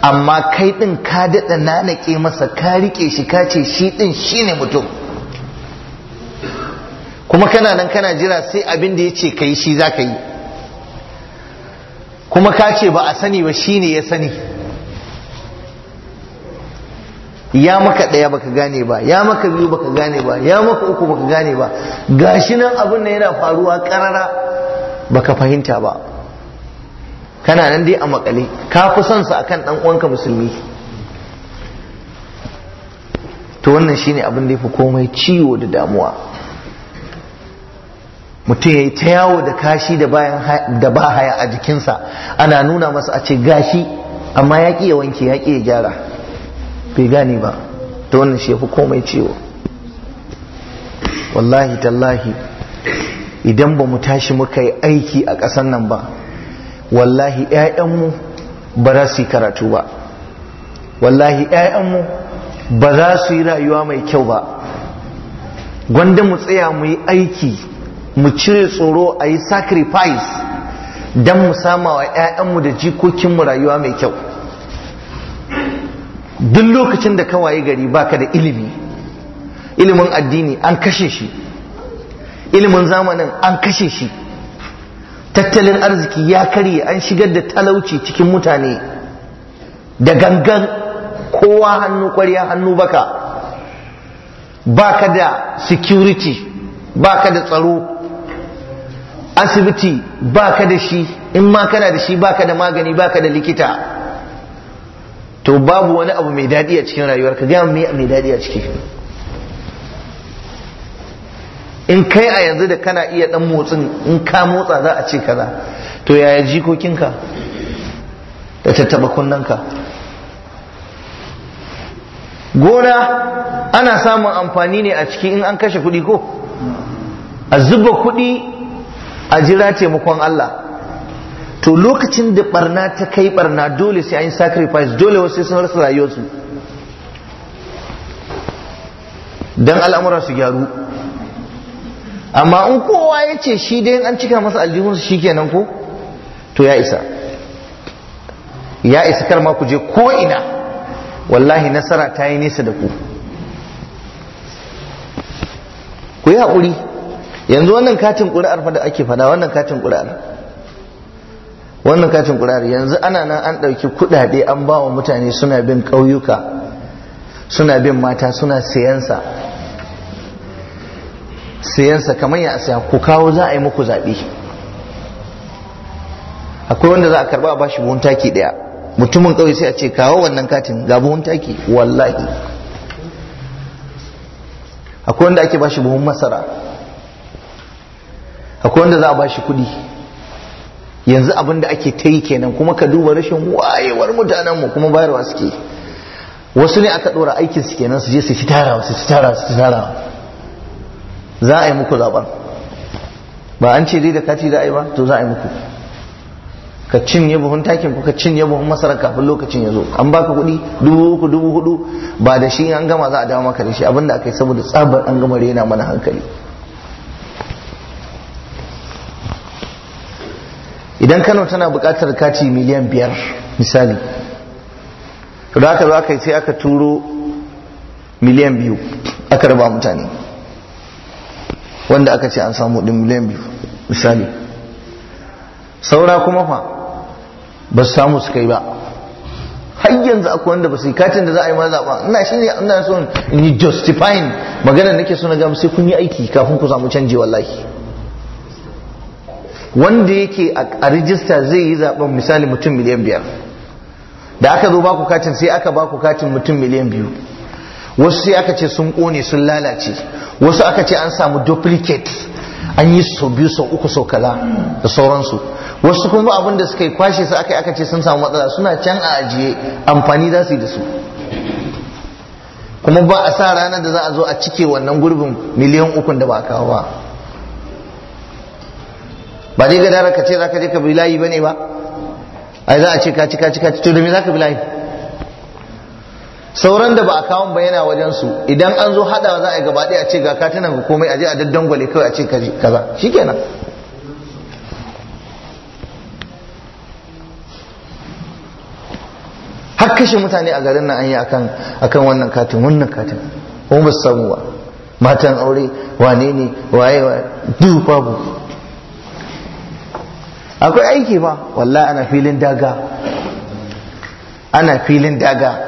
amma kai ɗin ka daɗa nanake masa ka riƙe shi ka ce shi ɗin shi ne mutum kuma kana nan kana jira sai abin da ya ce ka yi shi za ka yi kuma ka ce ba a sani ba shi ne ya sani ya maka ɗaya baka gane ba ya maka biyu baka gane ba ya maka uku baka gane ba gashi nan abin da yana faruwa ƙarara baka fahimta ba kana nan dai a makale ka fi son sa akan dan uwanka musulmi to wannan shine abin da yafi komai ciwo da damuwa mutum ya ta yawo da kashi da ba haya a jikinsa ana nuna masa a ce gashi amma ya ya wanke ya ya gyara bai gane ba ta wannan shi ya fi komai ciwo wallahi tallahi idan ba mu tashi muka yi aiki a ƙasar nan ba wallahi ‘ya'yanmu ba za su yi karatu ba wallahi ‘ya'yanmu ba za su yi rayuwa mai kyau ba gwanda mu tsaya mu yi aiki mu cire tsoro a yi sacrifice don mu sama wa ‘ya'yanmu da jikokinmu rayuwa mai kyau duk lokacin da kawaye gari baka da ilimi ilimin addini an kashe shi ilimin zamanin an kashe shi tattalin arziki ya karye an shigar da talauci cikin mutane da gangan kowa hannu kwarya hannu baka baka da security baka da tsaro asibiti baka da shi in ma kana da shi baka da magani baka da likita to babu wani abu mai daɗi a cikin ka gama mai daɗi a ciki in kai a yanzu da kana iya dan motsin in ka motsa za a ce kaza to yaya jikokinka da tattaba kunnanka gona ana samun amfani ne a ciki in an kashe kuɗi ko a zuba kuɗi a jira taimakon Allah to lokacin da barna ta kai barna dole sai an yi sacrifice dole wasu sun rasa rayuwarsu don al'amura su gyaru amma in kowa ya ce shi dai an cika masa aljihunsa shi kenan ko to ya isa ya isa kar ma ku je ko ina wallahi nasara ta yi nesa da ku ku yi haƙuri yanzu wannan katin ƙuri'ar fa da ake fada wannan katin ƙuri'ar wannan katin ƙuri'ar yanzu ana nan an ɗauki kuɗaɗe an ba wa mutane suna bin ƙauyuka suna bin mata suna siyansa siyansa kamar ya saya ku kawo za a yi muku zaɓe akwai wanda za a karba a bashi buhun taki ɗaya mutumin ƙauye sai a ce kawo wannan katin ga buhun taki wallahi akwai wanda ake bashi buhun masara akwai wanda za a bashi kuɗi yanzu abin da ake ta yi kenan kuma ka duba rashin wayewar mutanenmu kuma bayarwa suke wasu ne aka ɗora aikin su kenan su je su ci wasu su ci tara su tara za a yi muku zaɓar ba an ce dai da kati za a yi ba to za a yi muku ka cinye buhun takin ku ka cinye buhun masara kafin lokacin ya zo an baka kuɗi dubu uku dubu hudu ba da shi an gama za a dawo maka da shi abinda aka yi saboda tsabar an gama rena mana hankali idan kano tana buƙatar kati miliyan biyar misali to da aka zo aka yi sai aka turo miliyan biyu aka raba mutane wanda aka ce an samu ɗin miliyan biyu misali saura kuma fa ba su samu su kai ba har yanzu akwai wanda ba su yi katin da za a yi mana zaɓa ina shi ne ina so in yi justifying maganar nake so na gama sai kun yi aiki kafin ku samu canji wallahi wanda yake a rijista zai yi zaben misali mutum miliyan biyar da aka zo baku katin sai aka baku katin mutum miliyan biyu wasu sai aka ce sun kone sun lalace wasu aka ce an samu duplicate an yi sau biyu sau uku sau kaza da sauransu wasu kuma abin da suka yi kwashe su aka yi aka ce sun samu matsala suna can a ajiye amfani za su yi da su kuma ba a sa ranar da za a zo a cike wannan gurbin miliyan ukun da ba a kawo ba ba dai ga dara ka ce za ka je ka bi layi ba ne ba ai za a ce ka ci ka ci ka ci to da me za ka bi layi sauran da ba a kawon ba yana wajen su idan an zo hada za a yi gaba a ce ga katunan ku komai a je a gwale kawai a ce kaza shikenan har kashe mutane a garin nan an yi akan akan wannan katin wannan katin kuma ba su samu ba matan aure wane ne waye wa duk babu akwai aiki ba wallahi ana filin daga ana filin daga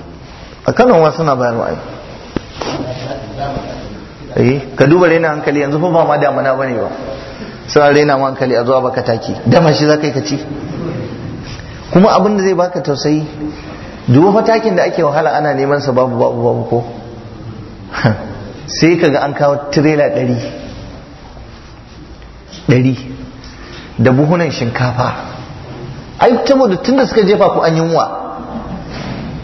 a kanon wasu suna bayar ai eh, ka duba rena hankali yanzu fa ba ma damana bane ba sai rena ma hankali a zuwa baka taki dama shi zaka yi ka ci kuma abin da zai baka tausayi duba fatakin da ake wahala ana neman sa babu babu babu ko sai kaga an kawo tirela dari. Dari. da buhunan shinkafa ai saboda tun da suka jefa ku an yunwa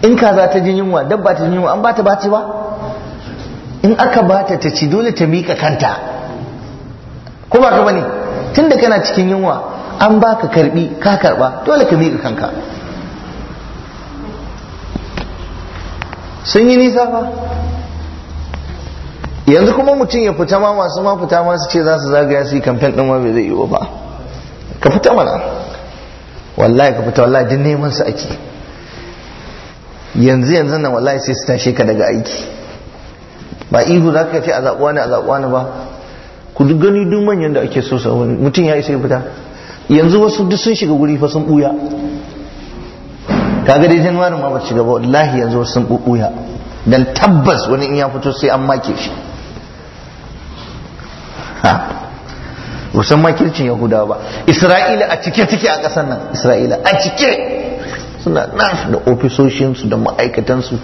in kaza ta jin yunwa dabba ta jin yunwa an bata baci ba in aka bata ta ci dole ta mika kanta ko ba ka bane tunda kana cikin yunwa an baka karbi ka karba dole ka mika kanka sun yi nisa ba yanzu kuma mutum ya fita ma masu ma fita ma su ce za su zagaya su yi kamfen ɗin ma bai zai yi ba ka fita mana wallahi ka fita wallahi duk neman su ake yanzu yanzu nan wallahi sai su tashe ka daga aiki ba ihu za ka ce a zaɓuwa ne a zaɓuwa ne ba ku duk gani duk manyan da ake so wani mutum ya isa ya fita yanzu wasu duk sun shiga guri fa sun ɓuya kaga dai januwarin ma ba shiga ba wallahi yanzu wasu sun ɓuɓɓuya dan tabbas wani in ya fito sai an make shi ha makircin yahudawa ba isra'ila a cike cike a ƙasar nan isra'ila a cike suna nan da ofisoshinsu da ma'aikatansu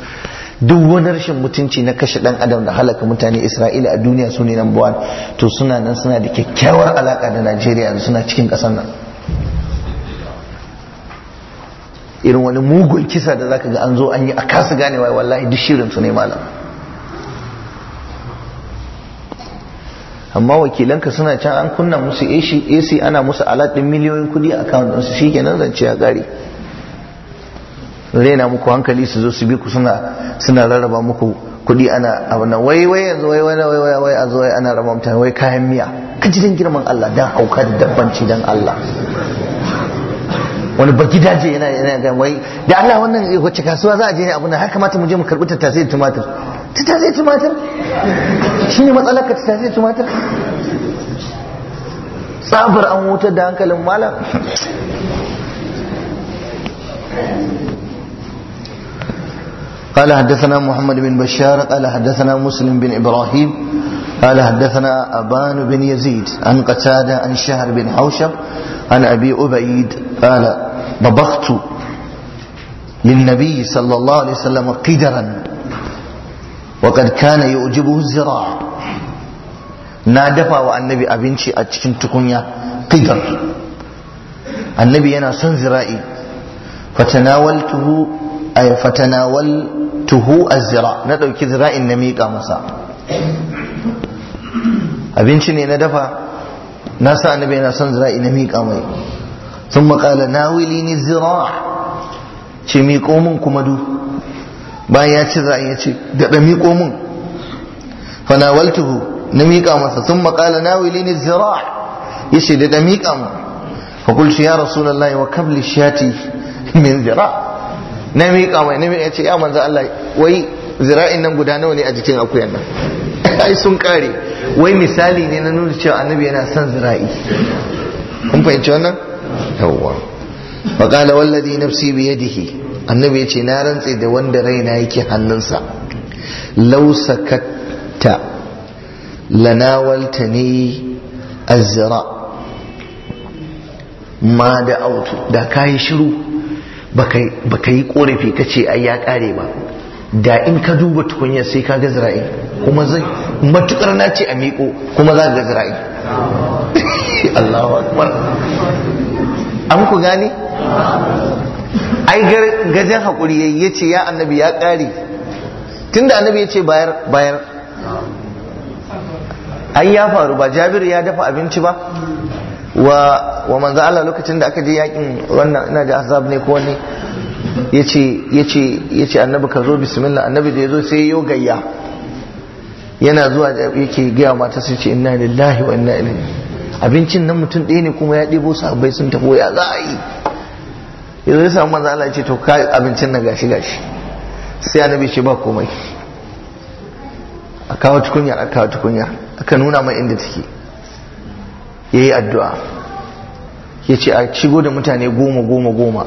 duk wani rashin mutunci na kashe dan adam da halaka mutane isra'ila a duniya su ne number one to suna nan suna da kyakkyawar alaka da najeriya suna cikin kasar nan irin wani mugun kisa da zaka ga an zo an yi a gane ganewa wallahi duk shirin su ne malam amma wakilanka suna can an kunna musu ac ana musu alat din miliyoyin kudi a account shi shikenan zance ya gari rena muku hankali su zo su bi ku suna suna rarraba muku kuɗi ana abu nan wai wai yanzu wai wai wai wai a zo wai ana raba mutane wai kayan miya ka ji girman Allah dan hauka da dabbanci dan Allah wani baki daje yana yana ga wai da Allah wannan wacce kasuwa za a je ne abu har kamata mu je mu karbi tattasai tumatir tattasai tumatir shine matsalar ka tattasai tumatir tsabar an wuta da hankalin malam قال حدثنا محمد بن بشار قال حدثنا مسلم بن إبراهيم قال حدثنا أبان بن يزيد عن قتادة عن شهر بن حوشب عن أبي أبيد قال طبخت للنبي صلى الله عليه وسلم قدرا وقد كان يعجبه الزراع نادفا والنبي أبنشي أتشن تكونيا قدر النبي أنا سن زرائي فتناولته ay fatanawal tuhu azra na dauki zira'in na miƙa masa abinci ne na dafa na sa annabi yana son zira'i na miƙa mai sun maƙala wili ni zira ce miƙo min kuma du bayan ya ci zira'i ya ce daɗa miƙo min fanawaltuhu na miƙa masa sun maƙala wili ni zira ya ce daɗa miƙa min fakulci ya rasu rasulallah wa kabli shati min zira na miƙa mai na miƙa ce ya manzo Allah wai zira'in nan guda nawa ne a jikin akuyan nan ai sun kare wai misali ne na nuna cewa annabi yana son zira'i kun fahimci wannan yawwa wa qala wallazi nafsi bi yadihi annabi ya ce na rantse da wanda raina yake hannunsa law sakatta lanawaltani a zira ma da autu da kai shiru baka yi korafi ka ce ai ya kare ba da in ka duba tukunyar sai ka ga zira'i kuma zai matukar na ce a miko kuma za ga zira'i Allahu akbar an ku gane ai gajen haƙuri yayi yace ya annabi ya kare tunda annabi yace bayar bayar ai ya faru ba Jabiru ya dafa abinci ba wa wa manzo Allah lokacin da aka je yakin wannan ina da azab ne ko ne yace yace yace annabi ka zo bismillah annabi da yazo sai yo gayya yana zuwa da yake gaya mata sai ce inna lillahi wa inna ilaihi abincin nan mutum ɗaya ne kuma ya ɗebo abai sun tafi ya za a yi yanzu ya samu manzo Allah ya ce to ka abincin nan gashi gashi sai annabi ce ba komai a kawo tukunya a kawo tukunya aka nuna mai inda take ya yi addu'a ya ce a shigo da mutane goma goma goma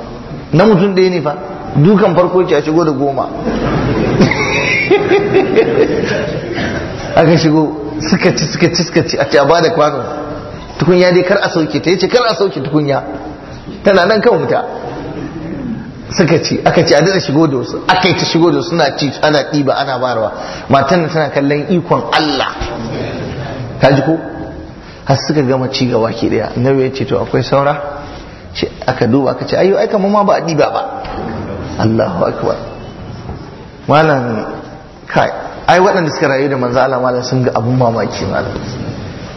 na mutum ɗaya ne fa dukan farko ce a shigo da goma aka shigo suka ci suka ci suka ci a ce a ba da kwano tukunya dai kar a sauke ta Ya ce kar a sauke tukunya tana nan kan wuta suka ci aka ci a dada shigo da wasu aka yi ta shigo da wasu suna ci ana ɗiba ana barwa matan tana kallon ikon Allah ta ji ko har suka gama ci gaba ke daya na ya ce to akwai saura aka duba aka ce ayo ai kamar ma ba a diba ba Allahu akbar malam kai ai waɗanda suka rayu da manzo Allah malam sun ga abun mamaki malam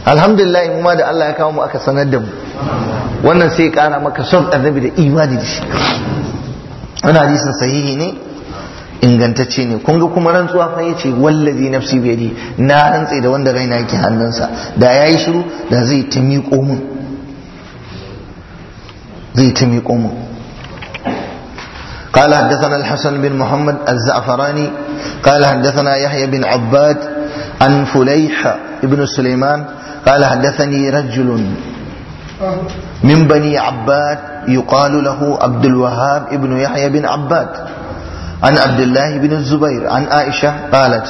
alhamdulillah mu ma da Allah ya kawo mu aka sanar da mu wannan sai ya kara maka son annabi da imani da shi wannan hadisin sahihi ne ingantacce ne kun ga kuma rantsuwa fa ya ce wallazi nafsi biyadi na rantse da wanda raina yake hannunsa da yayi shiru da zai ta miƙo mun zai ta miƙo mun قال حدثنا الحسن بن محمد الزعفراني قال حدثنا يحيى بن عباد عن فليح بن سليمان قال حدثني رجل من بني عباد يقال له عبد الوهاب ابن يحيى بن عباد an abdullahi bin zubair an aisha qalat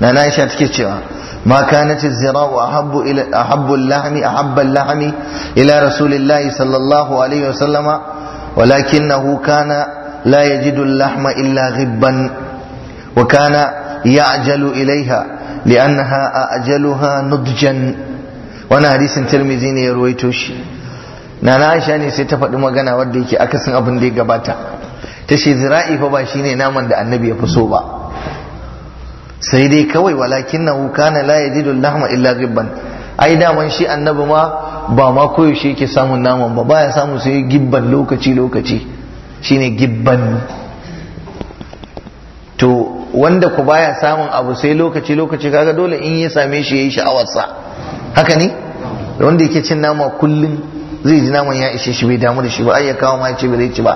na na aisha take cewa ma kanat az-zira'u ahabbu ila ahabbu al-lahmi ahabba al-lahmi ila rasulillahi sallallahu alayhi wa sallama walakinahu kana la yajidu al-lahma illa ghibban wa kana ya'jalu ilayha لأنها أجلها نضجا وانا حديث ترمذي ني رويتوش نانا عائشة ني سي تفدي مغانا ودي كي اكسن ابن دي غباتا ta ce zira'i fa ba shine naman da annabi ya fi so ba sai dai kawai walakin na wuka na laye yajidu lahma illa gibban ai daman shi annabi ma ba ma koyaushe yake samun naman ba baya samun sai gibban lokaci lokaci shine gibban to wanda ku baya samun abu sai lokaci lokaci kaga dole in ya same shi ya yi sha'awarsa haka ne wanda yake cin nama kullum zai ji naman ya ishe shi bai damu da shi ba ai ya kawo ma ya ce bai ci ba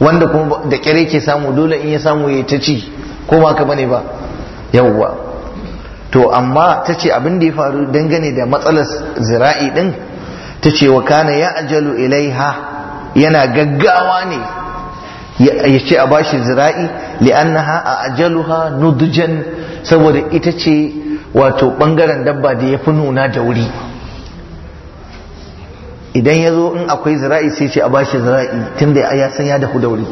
wanda kuma da kyare ke samu dole in ya samu ya ta ci ko ba ka bane ba yawwa to amma ta ce abin da ya faru dangane da matsalar zira'i din ta ce wa kana ya ajalu ilaiha yana gaggawa ne ya ce a bashi zira'i li'annaha a ajaluha nudujan saboda ita ce wato bangaren dabba da ya fi nuna da wuri idan ya zo in akwai zira'i sai ce a bashi zira'i tun da ya san ya dahu da wuri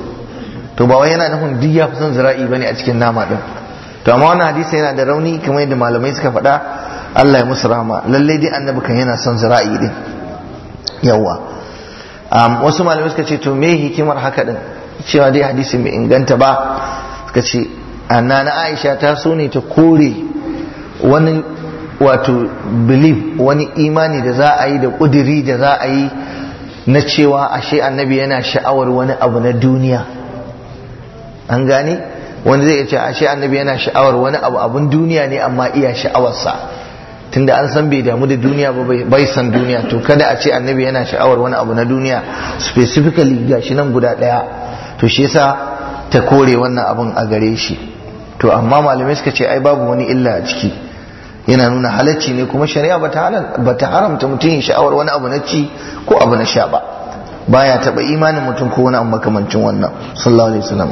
to ba wai yana nufin duk ya fi son zira'i bane a cikin nama din to amma wannan hadisi yana da rauni kamar yadda malamai suka faɗa Allah ya musu rahama lalle dai annabi kan yana son zira'i din yawa wasu malamai suka ce to me hikimar haka din cewa dai hadisi mai inganta ba suka ce anna na Aisha ta so ne ta kore wani wato belief wani imani da za a yi da ƙudiri da za a yi na cewa ashe annabi yana sha'awar wani abu na duniya an gane wani zai ce ashe annabi yana sha'awar wani abu abun duniya ne amma iya sha'awarsa tunda an san bai damu da duniya ba bai san duniya to kada a ce annabi yana sha'awar wani abu na duniya specifically ga shi nan guda ɗaya to shi yasa ta kore wannan abun a gare shi to amma malamai suka ce ai babu wani illa a ciki yana nuna halacci ne kuma shari'a bata haramta mutum yin sha'awar wani abu na ci ko abu na sha ba baya taba imanin mutum ko wani abu makamancin wannan sallallahu alaihi wasallam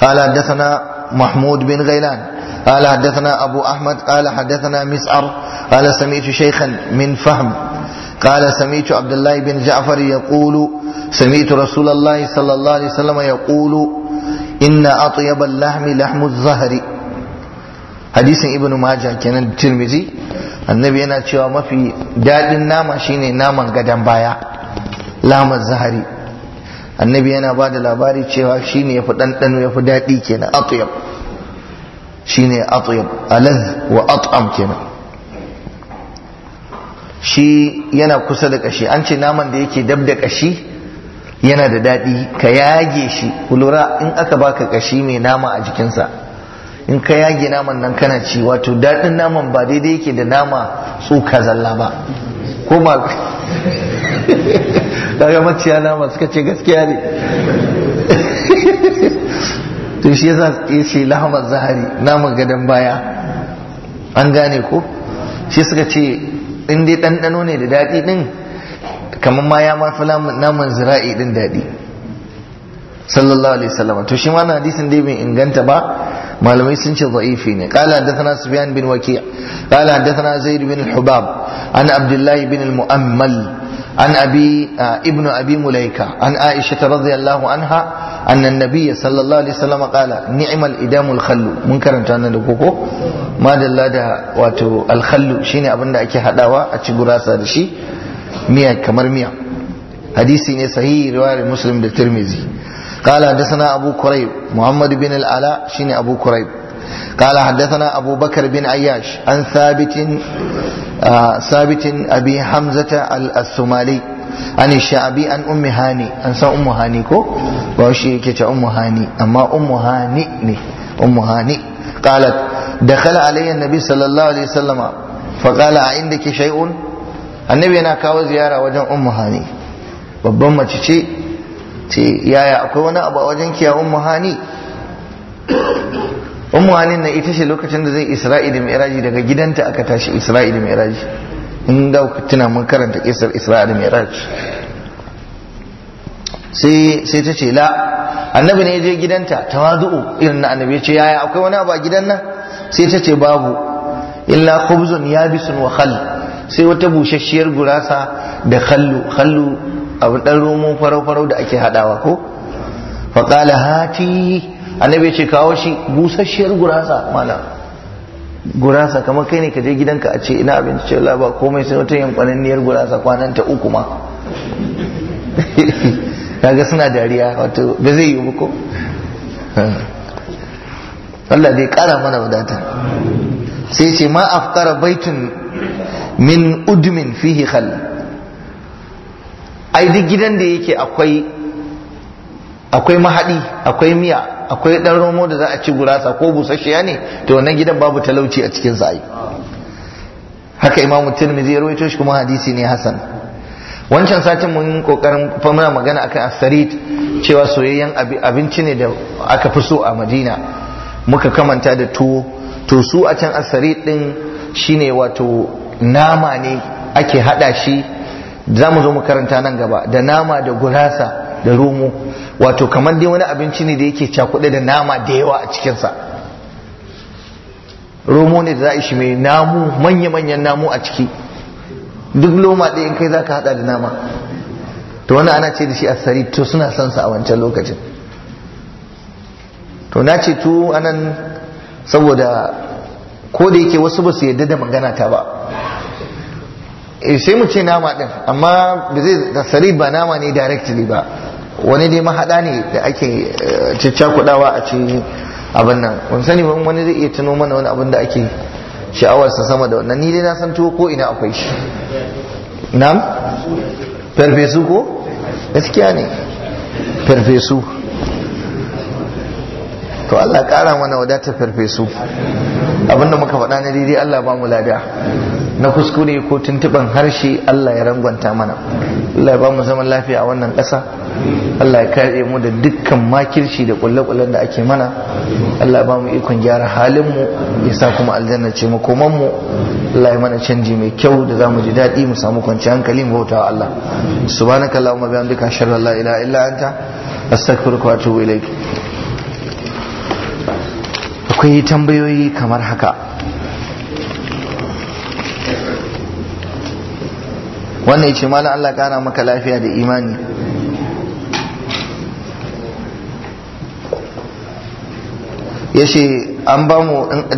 قال حدثنا محمود بن غيلان قال حدثنا أبو أحمد قال حدثنا مسعر قال سمعت شيخا من فهم قال سمعت عبد الله بن جعفر يقول سمعت رسول الله صلى الله عليه وسلم يقول إن أطيب اللحم لحم الظهر hadisin ibnu majah kenan tirmizi annabi yana cewa mafi daɗin nama shine naman gadan baya lamar zahari annabi yana ba da labari cewa shine yafi ɗanɗano yafi daɗi kenan atyab shine atyab alaz wa at'am kenan shi yana kusa da kashi an ce naman da yake dab da kashi yana da daɗi ka yage shi kulura in aka baka kashi mai nama a jikinsa in ka yage naman nan kana ci wato daɗin naman ba daidai yake da nama tsoka zalla ba ko ba daga maciya nama suka ce gaskiya ne to shi yasa ya ce lahamar zahari naman gadon baya an gane ko shi suka ce in dai ɗanɗano ne da daɗi ɗin kamar ma ya mafi naman zira'i ɗin daɗi sallallahu alaihi wasallam to shi ma na hadisin dai bai inganta ba malamai sun ce za'ifi ne kala haddathana sufyan bin waki kala haddathana zaid bin hubab an abdullahi bin almu'ammal an abi ibn abi mulaika an aisha radhiyallahu anha anna an-nabiy sallallahu alaihi wasallam qala ni'mal idamul khallu mun karanta nan da koko ma da da wato al-khallu shine abinda ake hadawa a ci gurasa da shi miya kamar miya hadisi ne sahihi riwayar muslim da tirmidhi قال حدثنا أبو كريب محمد بن العلاء شين أبو كريب قال حدثنا أبو بكر بن عياش عن ثابت آه ثابت أبي حمزة السومالي عن الشعبي عن أم هاني أنسى أم هاني كو وشي كتا أم هاني أما أم هاني ني أم هاني قالت دخل علي النبي صلى الله عليه وسلم فقال عندك شيء النبي أنا كاو زيارة وجن أم هاني babban mace ce ce yaya akwai wani abu a wajen kiya ummu hani ummu hani na ita ce lokacin da zai isra'i da mi'raji daga gidanta aka tashi isra'i da mi'raji in ga ku tuna mun karanta kisar isra'i da mi'raji sai sai ta ce la annabi ne ya je gidanta ta tawazu'u irin na annabi ya ce yaya akwai wani abu a gidan nan sai ta ce babu illa khubzun yabisun wa khal sai wata bushasshiyar gurasa da khallu khallu abu dan romo farau farau da ake hadawa ko fa qala hati annabi ya ce kawo shi busasshiyar gurasa mana gurasa kamar kai ne ka je gidanka a ce ina abinci ce ba komai sai wata yankwananniyar gurasa kwanan ta uku ma kaga suna dariya wato ba zai yi ko Allah dai kara mana wadata sai ce ma afkara baitun min udmin fihi khal ai duk gidan da yake akwai akwai mahadi akwai miya akwai dan romo da za a ci gurasa ko busasshiya ne to wannan gidan babu talauci a cikin sa ai haka imam tirmidhi ya rawaito shi kuma hadisi ne hasan wancan satin mun kokarin fa muna magana akan asarit cewa soyayyen abinci ne da aka fi so a madina muka kamanta da tuwo to su a can asarit din shine wato nama ne ake hada shi za mu zo mu karanta nan gaba da nama da gurasa da romo wato kamar dai wani abinci ne da yake cakuɗe da nama da yawa a cikinsa romo ne da za a shi mai namu manya-manyan namu a ciki duk loma ɗaya in kai za ka haɗa da nama to wani ana ce da shi a to suna son sa a wancan lokacin to na ce tu anan saboda ko da yake wasu ba su yadda da magana ta ba e sai mu ce nama din amma ba zai da ba nama ne directly ba wani dai mahaɗa ne da ake eh, kudawa a cikin abin nan wani sani ba wani zai iya tuno mana wani abin da ake sha'awar sha'awarsa sama da wannan ni dai na san tuwo ko ina akwai shi nam perfesu ko gaskiya ne perfesu to Allah ƙara mana wadatar farfesu abinda muka faɗa na daidai Allah ba mu lada na kuskure ko tuntuɓin harshe Allah ya rangwanta mana Allah ya ba mu zaman lafiya a wannan ƙasa Allah ya kare mu da dukkan makirci da kulle-kullen da ake mana Allah ya ba mu ikon gyara halin mu ya sa kuma aljanna ce koman mu Allah ya mana canji mai kyau da zamu ji daɗi mu samu kwanciyar hankali mu bautawa Allah allahumma bihamdika ashhadu an la ilaha illa anta astaghfiruka wa atubu ilaik akwai tambayoyi kamar haka wannan ce malam Allah kara maka lafiya da imani ya ce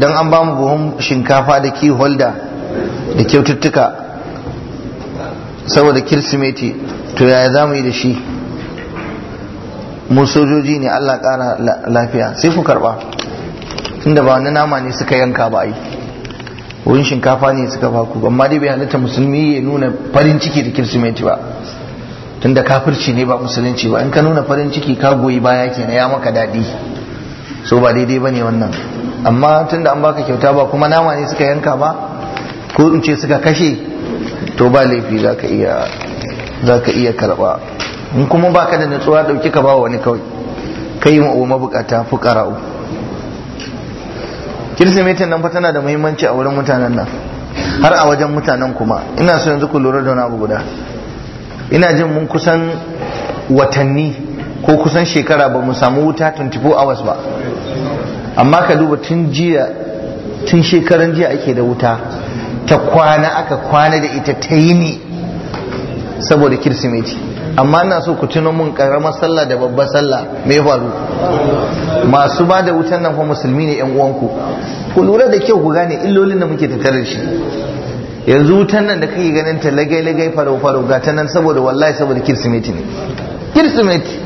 don an bamu buhun shinkafa da key holder da kyaututtuka saboda kirsimeti to yaya za mu yi da shi mu sojoji ne Allah kara lafiya sai ku karba tunda ba wani nama ne suka yanka ba ai wurin shinkafa ne suka baku amma dai bai halatta musulmi ya nuna farin ciki da kirsimeti ba tunda kafirci ne ba musulunci ba in ka nuna farin ciki ka goyi baya kenan ya maka daɗi so ba daidai ba ne wannan amma tunda an baka kyauta ba kuma nama ne suka yanka ba ko in ce suka kashe to ba laifi za ka iya za iya karɓa in kuma baka da natsuwa ɗauki ka ba wani kawai kai ma mabukata fukara'u kirsimetin nan fa tana da muhimmanci a wurin mutanen nan har a wajen mutanen kuma ina so yanzu ku lura da wani abu guda ina jin mun kusan watanni ko kusan shekara ba mu samu wuta 24 hours ba amma ka duba tun jiya tun shekaran jiya ake da wuta ta kwana aka kwana da ita ta yini saboda kirsimeti amma ina so ku tuno mun karamar sallah da babbar sallah me faru masu ba da wutan nan fa musulmi ne yan uwanku ku lura da kyau ku gane illolin da muke tattare shi yanzu wutan nan da kake ganin ta lagai lagai farau farau ga ta nan saboda wallahi saboda kirsimeti ne kirsimeti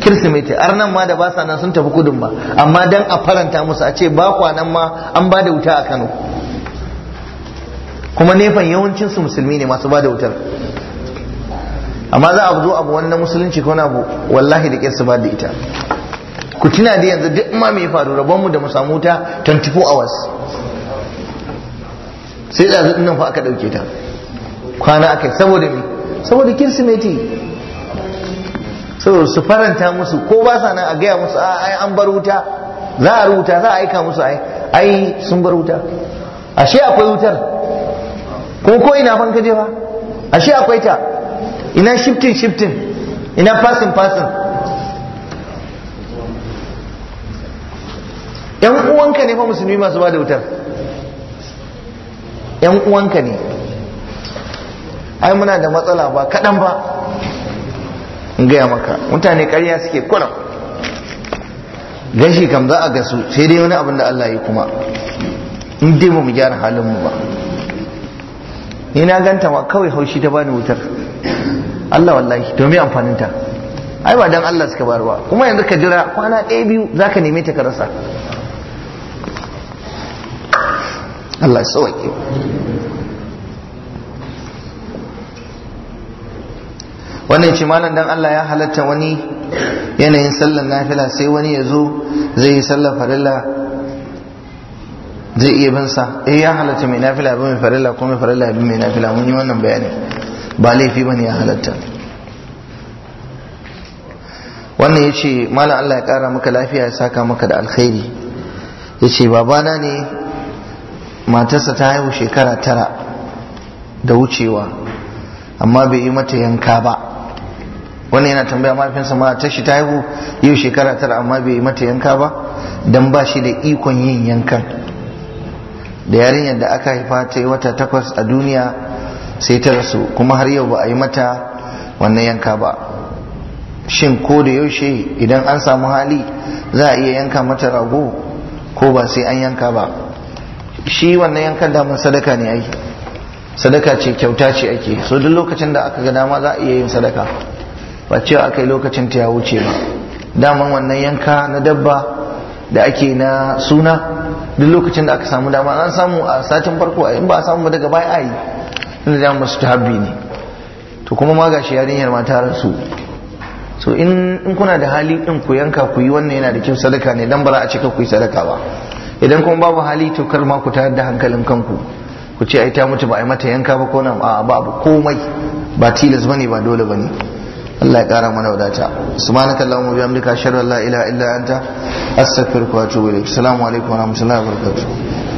kirsimeti ar nan ma da ba sa nan sun tafi kudin ba amma dan a faranta musu a ce ba kwanan ma an ba da wuta a Kano kuma nefan yawancinsu musulmi ne masu ba da wutar amma za a zo abu wannan musulunci ko na abu wallahi da su ba da ita ku tuna da yanzu duk ma mai faru rabonmu da mu samu ta 24 hours sai da nan fa aka ɗauke ta kwana aka saboda me saboda kirsimeti saboda su faranta musu ko ba sa nan a gaya musu ai an bar wuta za a rubuta za a aika musu ai ai sun bar wuta ashe akwai wutar ko ko ina fanka je ba ashe akwai ta ina shiftin shiftin ina fasin fasin yan uwanka ne fa musulmi masu ba da wutar yan uwanka ne ai muna da matsala ba kaɗan ba in gaya maka mutane ƙarya suke kuram gashi kam za a gasu sai dai wani abin da Allah ya kuma in dai ba mu gyara halin mu ba ni na ganta ma kawai haushi ta bani wutar Allah wallahi to me amfanin ta ai ba dan Allah suka bar ba kuma yanzu ka jira kwana ɗaya biyu zaka neme ta ka rasa Allah ya sauke wannan ce malam dan Allah ya halatta wani yanayin sallar nafila sai wani ya zo zai yi sallar farilla zai iya bin sa eh ya halatta mai nafila bin mai farilla ko mai farilla bin mai nafila mun yi wannan bayani ba laifi ba ne ya halatta wannan ya ce malam Allah ya kara maka lafiya ya saka maka da alkhairi ya ce babana ne matarsa ta haihu shekara tara da wucewa amma bai yi mata yanka ba wannan yana tambaya mahaifinsa ma ta shi ta haihu yau shekara tara amma bai yi mata yanka ba don ba shi da ikon yin yankan da yarinyar da aka haifa ta yi wata takwas a duniya sai ta rasu kuma har yau ba a yi mata wannan yanka ba shin ko da yaushe idan an samu hali za a iya yanka mata rago ko ba sai an yanka ba shi wannan yankan damar sadaka ne ai sadaka ce kyauta ce ake so duk lokacin da aka ga dama za a iya yin sadaka ba cewa aka yi lokacin ta ya wuce ba daman wannan yanka na dabba da ake na suna duk lokacin da aka samu dama an samu a satin farko in ba a samu daga baya a yi tunda su masu tahabbi ne to kuma ma gashi yarinyar mata rasu so in kuna da hali din ku yanka ku yi wannan yana da kyau sadaka ne dan bara a cika ku yi sadaka ba idan kuma babu hali to kar ma ku tayar da hankalin kanku ku ce ai ta mutu ba ai mata yanka ba ko nan a babu komai ba tilas bane ba dole bane Allah ya kara mana wadata subhanakallahumma wa bihamdika ashhadu an la ilaha illa anta astaghfiruka wa atubu ilayk assalamu alaikum wa rahmatullahi wa barakatuh